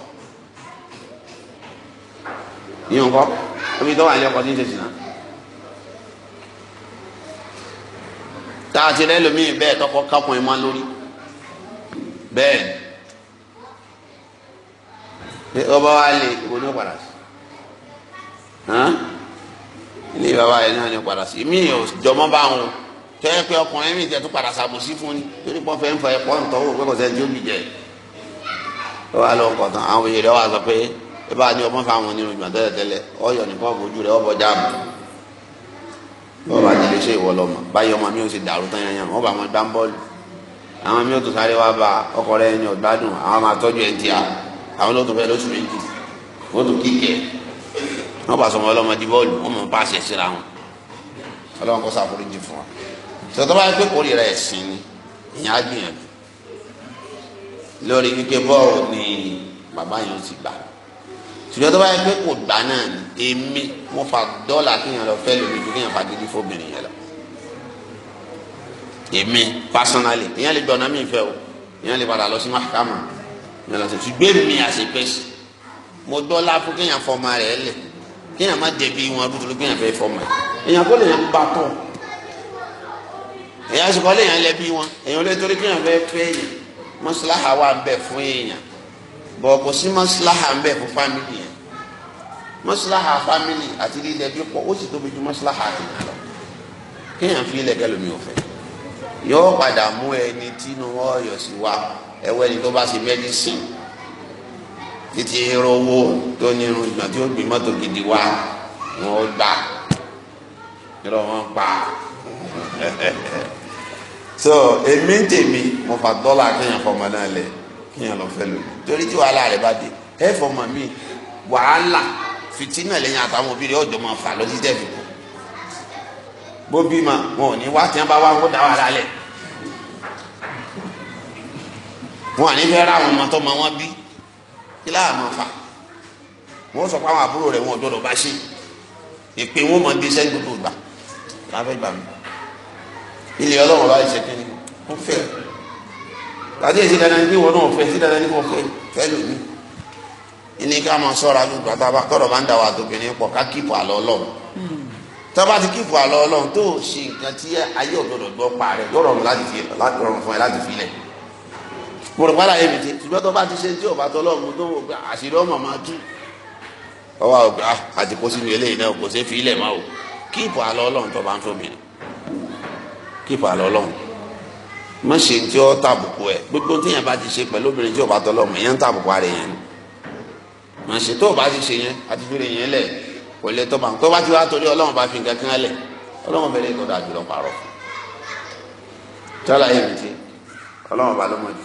tó wà ní ọkọ̀ tí ń tá a tọkọ kápọ̀ ẹ̀ máa bẹ́ẹ̀ ni ọba wa lè ìwọ ni ó padà sí ilé bàbá yẹn náà ni ó padà sí mí ò jọmọ́ bá wọn tẹ́ pé ọkùnrin mi jẹ́ tó padà sàbòsí fún ni torí pọ́n fẹ́ ń fa ẹ̀pọ́ ń tọ́wọ́ pé kò sẹ́ni tó bì jẹ́ ó wà lọ́wọ́ kọ̀ọ̀tàn àwọn èyí rẹ̀ wà sọ pé ẹ bá ní ọmọ fáwọn onírun ìgbà tẹ́lẹ̀ tẹ́lẹ̀ ọyọ̀ nìkan bójú rẹ̀ ọbọ̀ jáàmù bọ́ọ̀ bá ti lè ṣe báyọ̀ ọmọ mi ò sì dàrú tán yanyan wọ́n bá wọn gbá bọ́ọ̀lù àwọn mi ò tún sáré wá bá ọkọ rẹ ẹni ọ̀gbádùn àwọn máa tọ́jú ẹ̀ ti à àwọn ló tún fẹ́ lóṣù méjì wọ́n tún kíkẹ́ wọ́n bá sọmọ ọlọ́mọdé bọ́ọ̀lù wọ́n mọ̀ bá ṣẹ̀ síra wọn ọlọ́run kó ṣàforíjì fún wa tọ́tọ́ báyìí pé kórìíra ẹ̀sìn ni ìyẹn gbìyànjú lórí wípé bọ́ọ̀lù ni bàbá yẹn ó ti gbà ṣùgbọ́n tó báyìí pé kò gbà náà ni èmi mo fà dọ́là kéèyàn lọ fẹ́ lómi ju kéèyàn fagídí fóbìnrin yẹn lọ èmi personally ìyẹn lè gbọ́ ọ̀nà mi fẹ́ o ìyẹn lè padà lọ sí mahakama ìyẹn lọ sí ṣùgbọ́n mi àṣepẹ́sì mo dọ́là fún kéèyàn fọmọ rẹ̀ lẹ̀ kéèyàn má dẹ̀bi wọn dúdú kéèyàn fẹ́ fọmọ rẹ̀ èèyàn kó lè yàn bá tọ̀ èèyàn sọ̀kọ́ lè yàn lẹ́bi wọn èèyàn lè torí kéèyàn fẹ́ fẹ́ yẹn mọ́sálàhà wà ń bẹ̀ fún èèyàn bọ̀ kò sí mọ́sálàhà ń bẹ̀ fún fámìlì yẹn mọ́sálàhà fámìlì àti lílẹ̀ bí pọ̀ ó sì tóbi ju mọ́sálàhà àti nàlọ́ kéèyàn fi ilẹ̀ kẹlòmí ò fẹ́ yóò padà mú ẹni tínú ọyọ sí wa ẹwọ ẹni tó bá ṣe mẹdísìn títí irowó tó ní irun ìgbà tí ó gbé mọ́tò gidi wa wọn gbà yọrọ wọn pa so èmi ń tèmi mo fà dọ́là kéèyàn fọmọ náà lẹ kéèyàn lọ fẹ́ lómi torí tí wàhálà rẹ bá dé ẹ fọmọ mi wàhálà fìtínà lẹ́yìn àtàwọn òbí rẹ ọjọ́ máa fà lọ sí tẹ́fì bó bímọ wọn ò ní wá tí wọn bá wá kó dá wàhálà lẹ wọn àní fẹ́ ra àwọn ọmọ tó ma wọn bí kí láà máa fà wọn sọ pé àwọn àbúrò rẹ wọn ò dọdọ bá ṣe èpè wọn máa gbé sẹ́yìn gbogbo gbà láfẹ́ gbà mí ilé ọlọ́run bá ṣe kíni wọn fẹ́ tàbí èsì dandan ní wọn náà fẹ́ èsì dandan ní wọn fẹ́ fẹ́ lómi ilé ká máa sọ̀rọ̀ àjùgbà tọ́rọ̀ bá ń dà wà tóbi ní pọ̀ ká kíkọ̀ àlọ́ ọlọ́run tọ́ba ti kíkọ́ àlọ́ ọlọ́run tó ṣe nǹkan tí ayé òdodo gbọ́ pa rẹ̀ yọ̀rọ̀ ọ̀run láti fi láti rọrùn fún ẹ láti fi lẹ̀. mo rò pàdà yẹn mi ti ṣùgbọ́n tọ́ba ti ṣe tí ọ̀bà tọ́lọ́run tó wò pé àṣírí ọmọ máa tú. ọwọ́ àgbà àti kó sínú eléyìí náà kò ṣe fi ilẹ̀ máa o kíkọ́ àlọ́ ọlọ́run tọ́ba ń fún mi kíkọ́ àlọ́ ọlọ́run má ṣe tí ó tàbùkù ẹ gbogbo tí yẹn bá ti ṣe pẹ̀lú obìnrin tí ọba tọ́lọ́run yẹn ń tàbùkù o bá ti ṣe yẹn àti kò lè tọ́ báwọn pé wá ti wá torí ọlọ́run bá fi nǹkan kan lẹ̀ ọlọ́run bẹ̀rẹ̀ tó dáa jùlọ pààrọ̀ fún tọ́lá yẹn mi ti ọlọ́run bá ló mọ̀ jù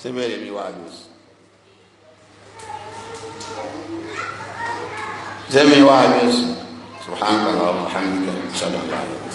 síbẹ̀ rẹ̀ mi wá lò sí. sẹ́mi wá lò sí subhanallah muhammed sallallahu alayhi wa sallam.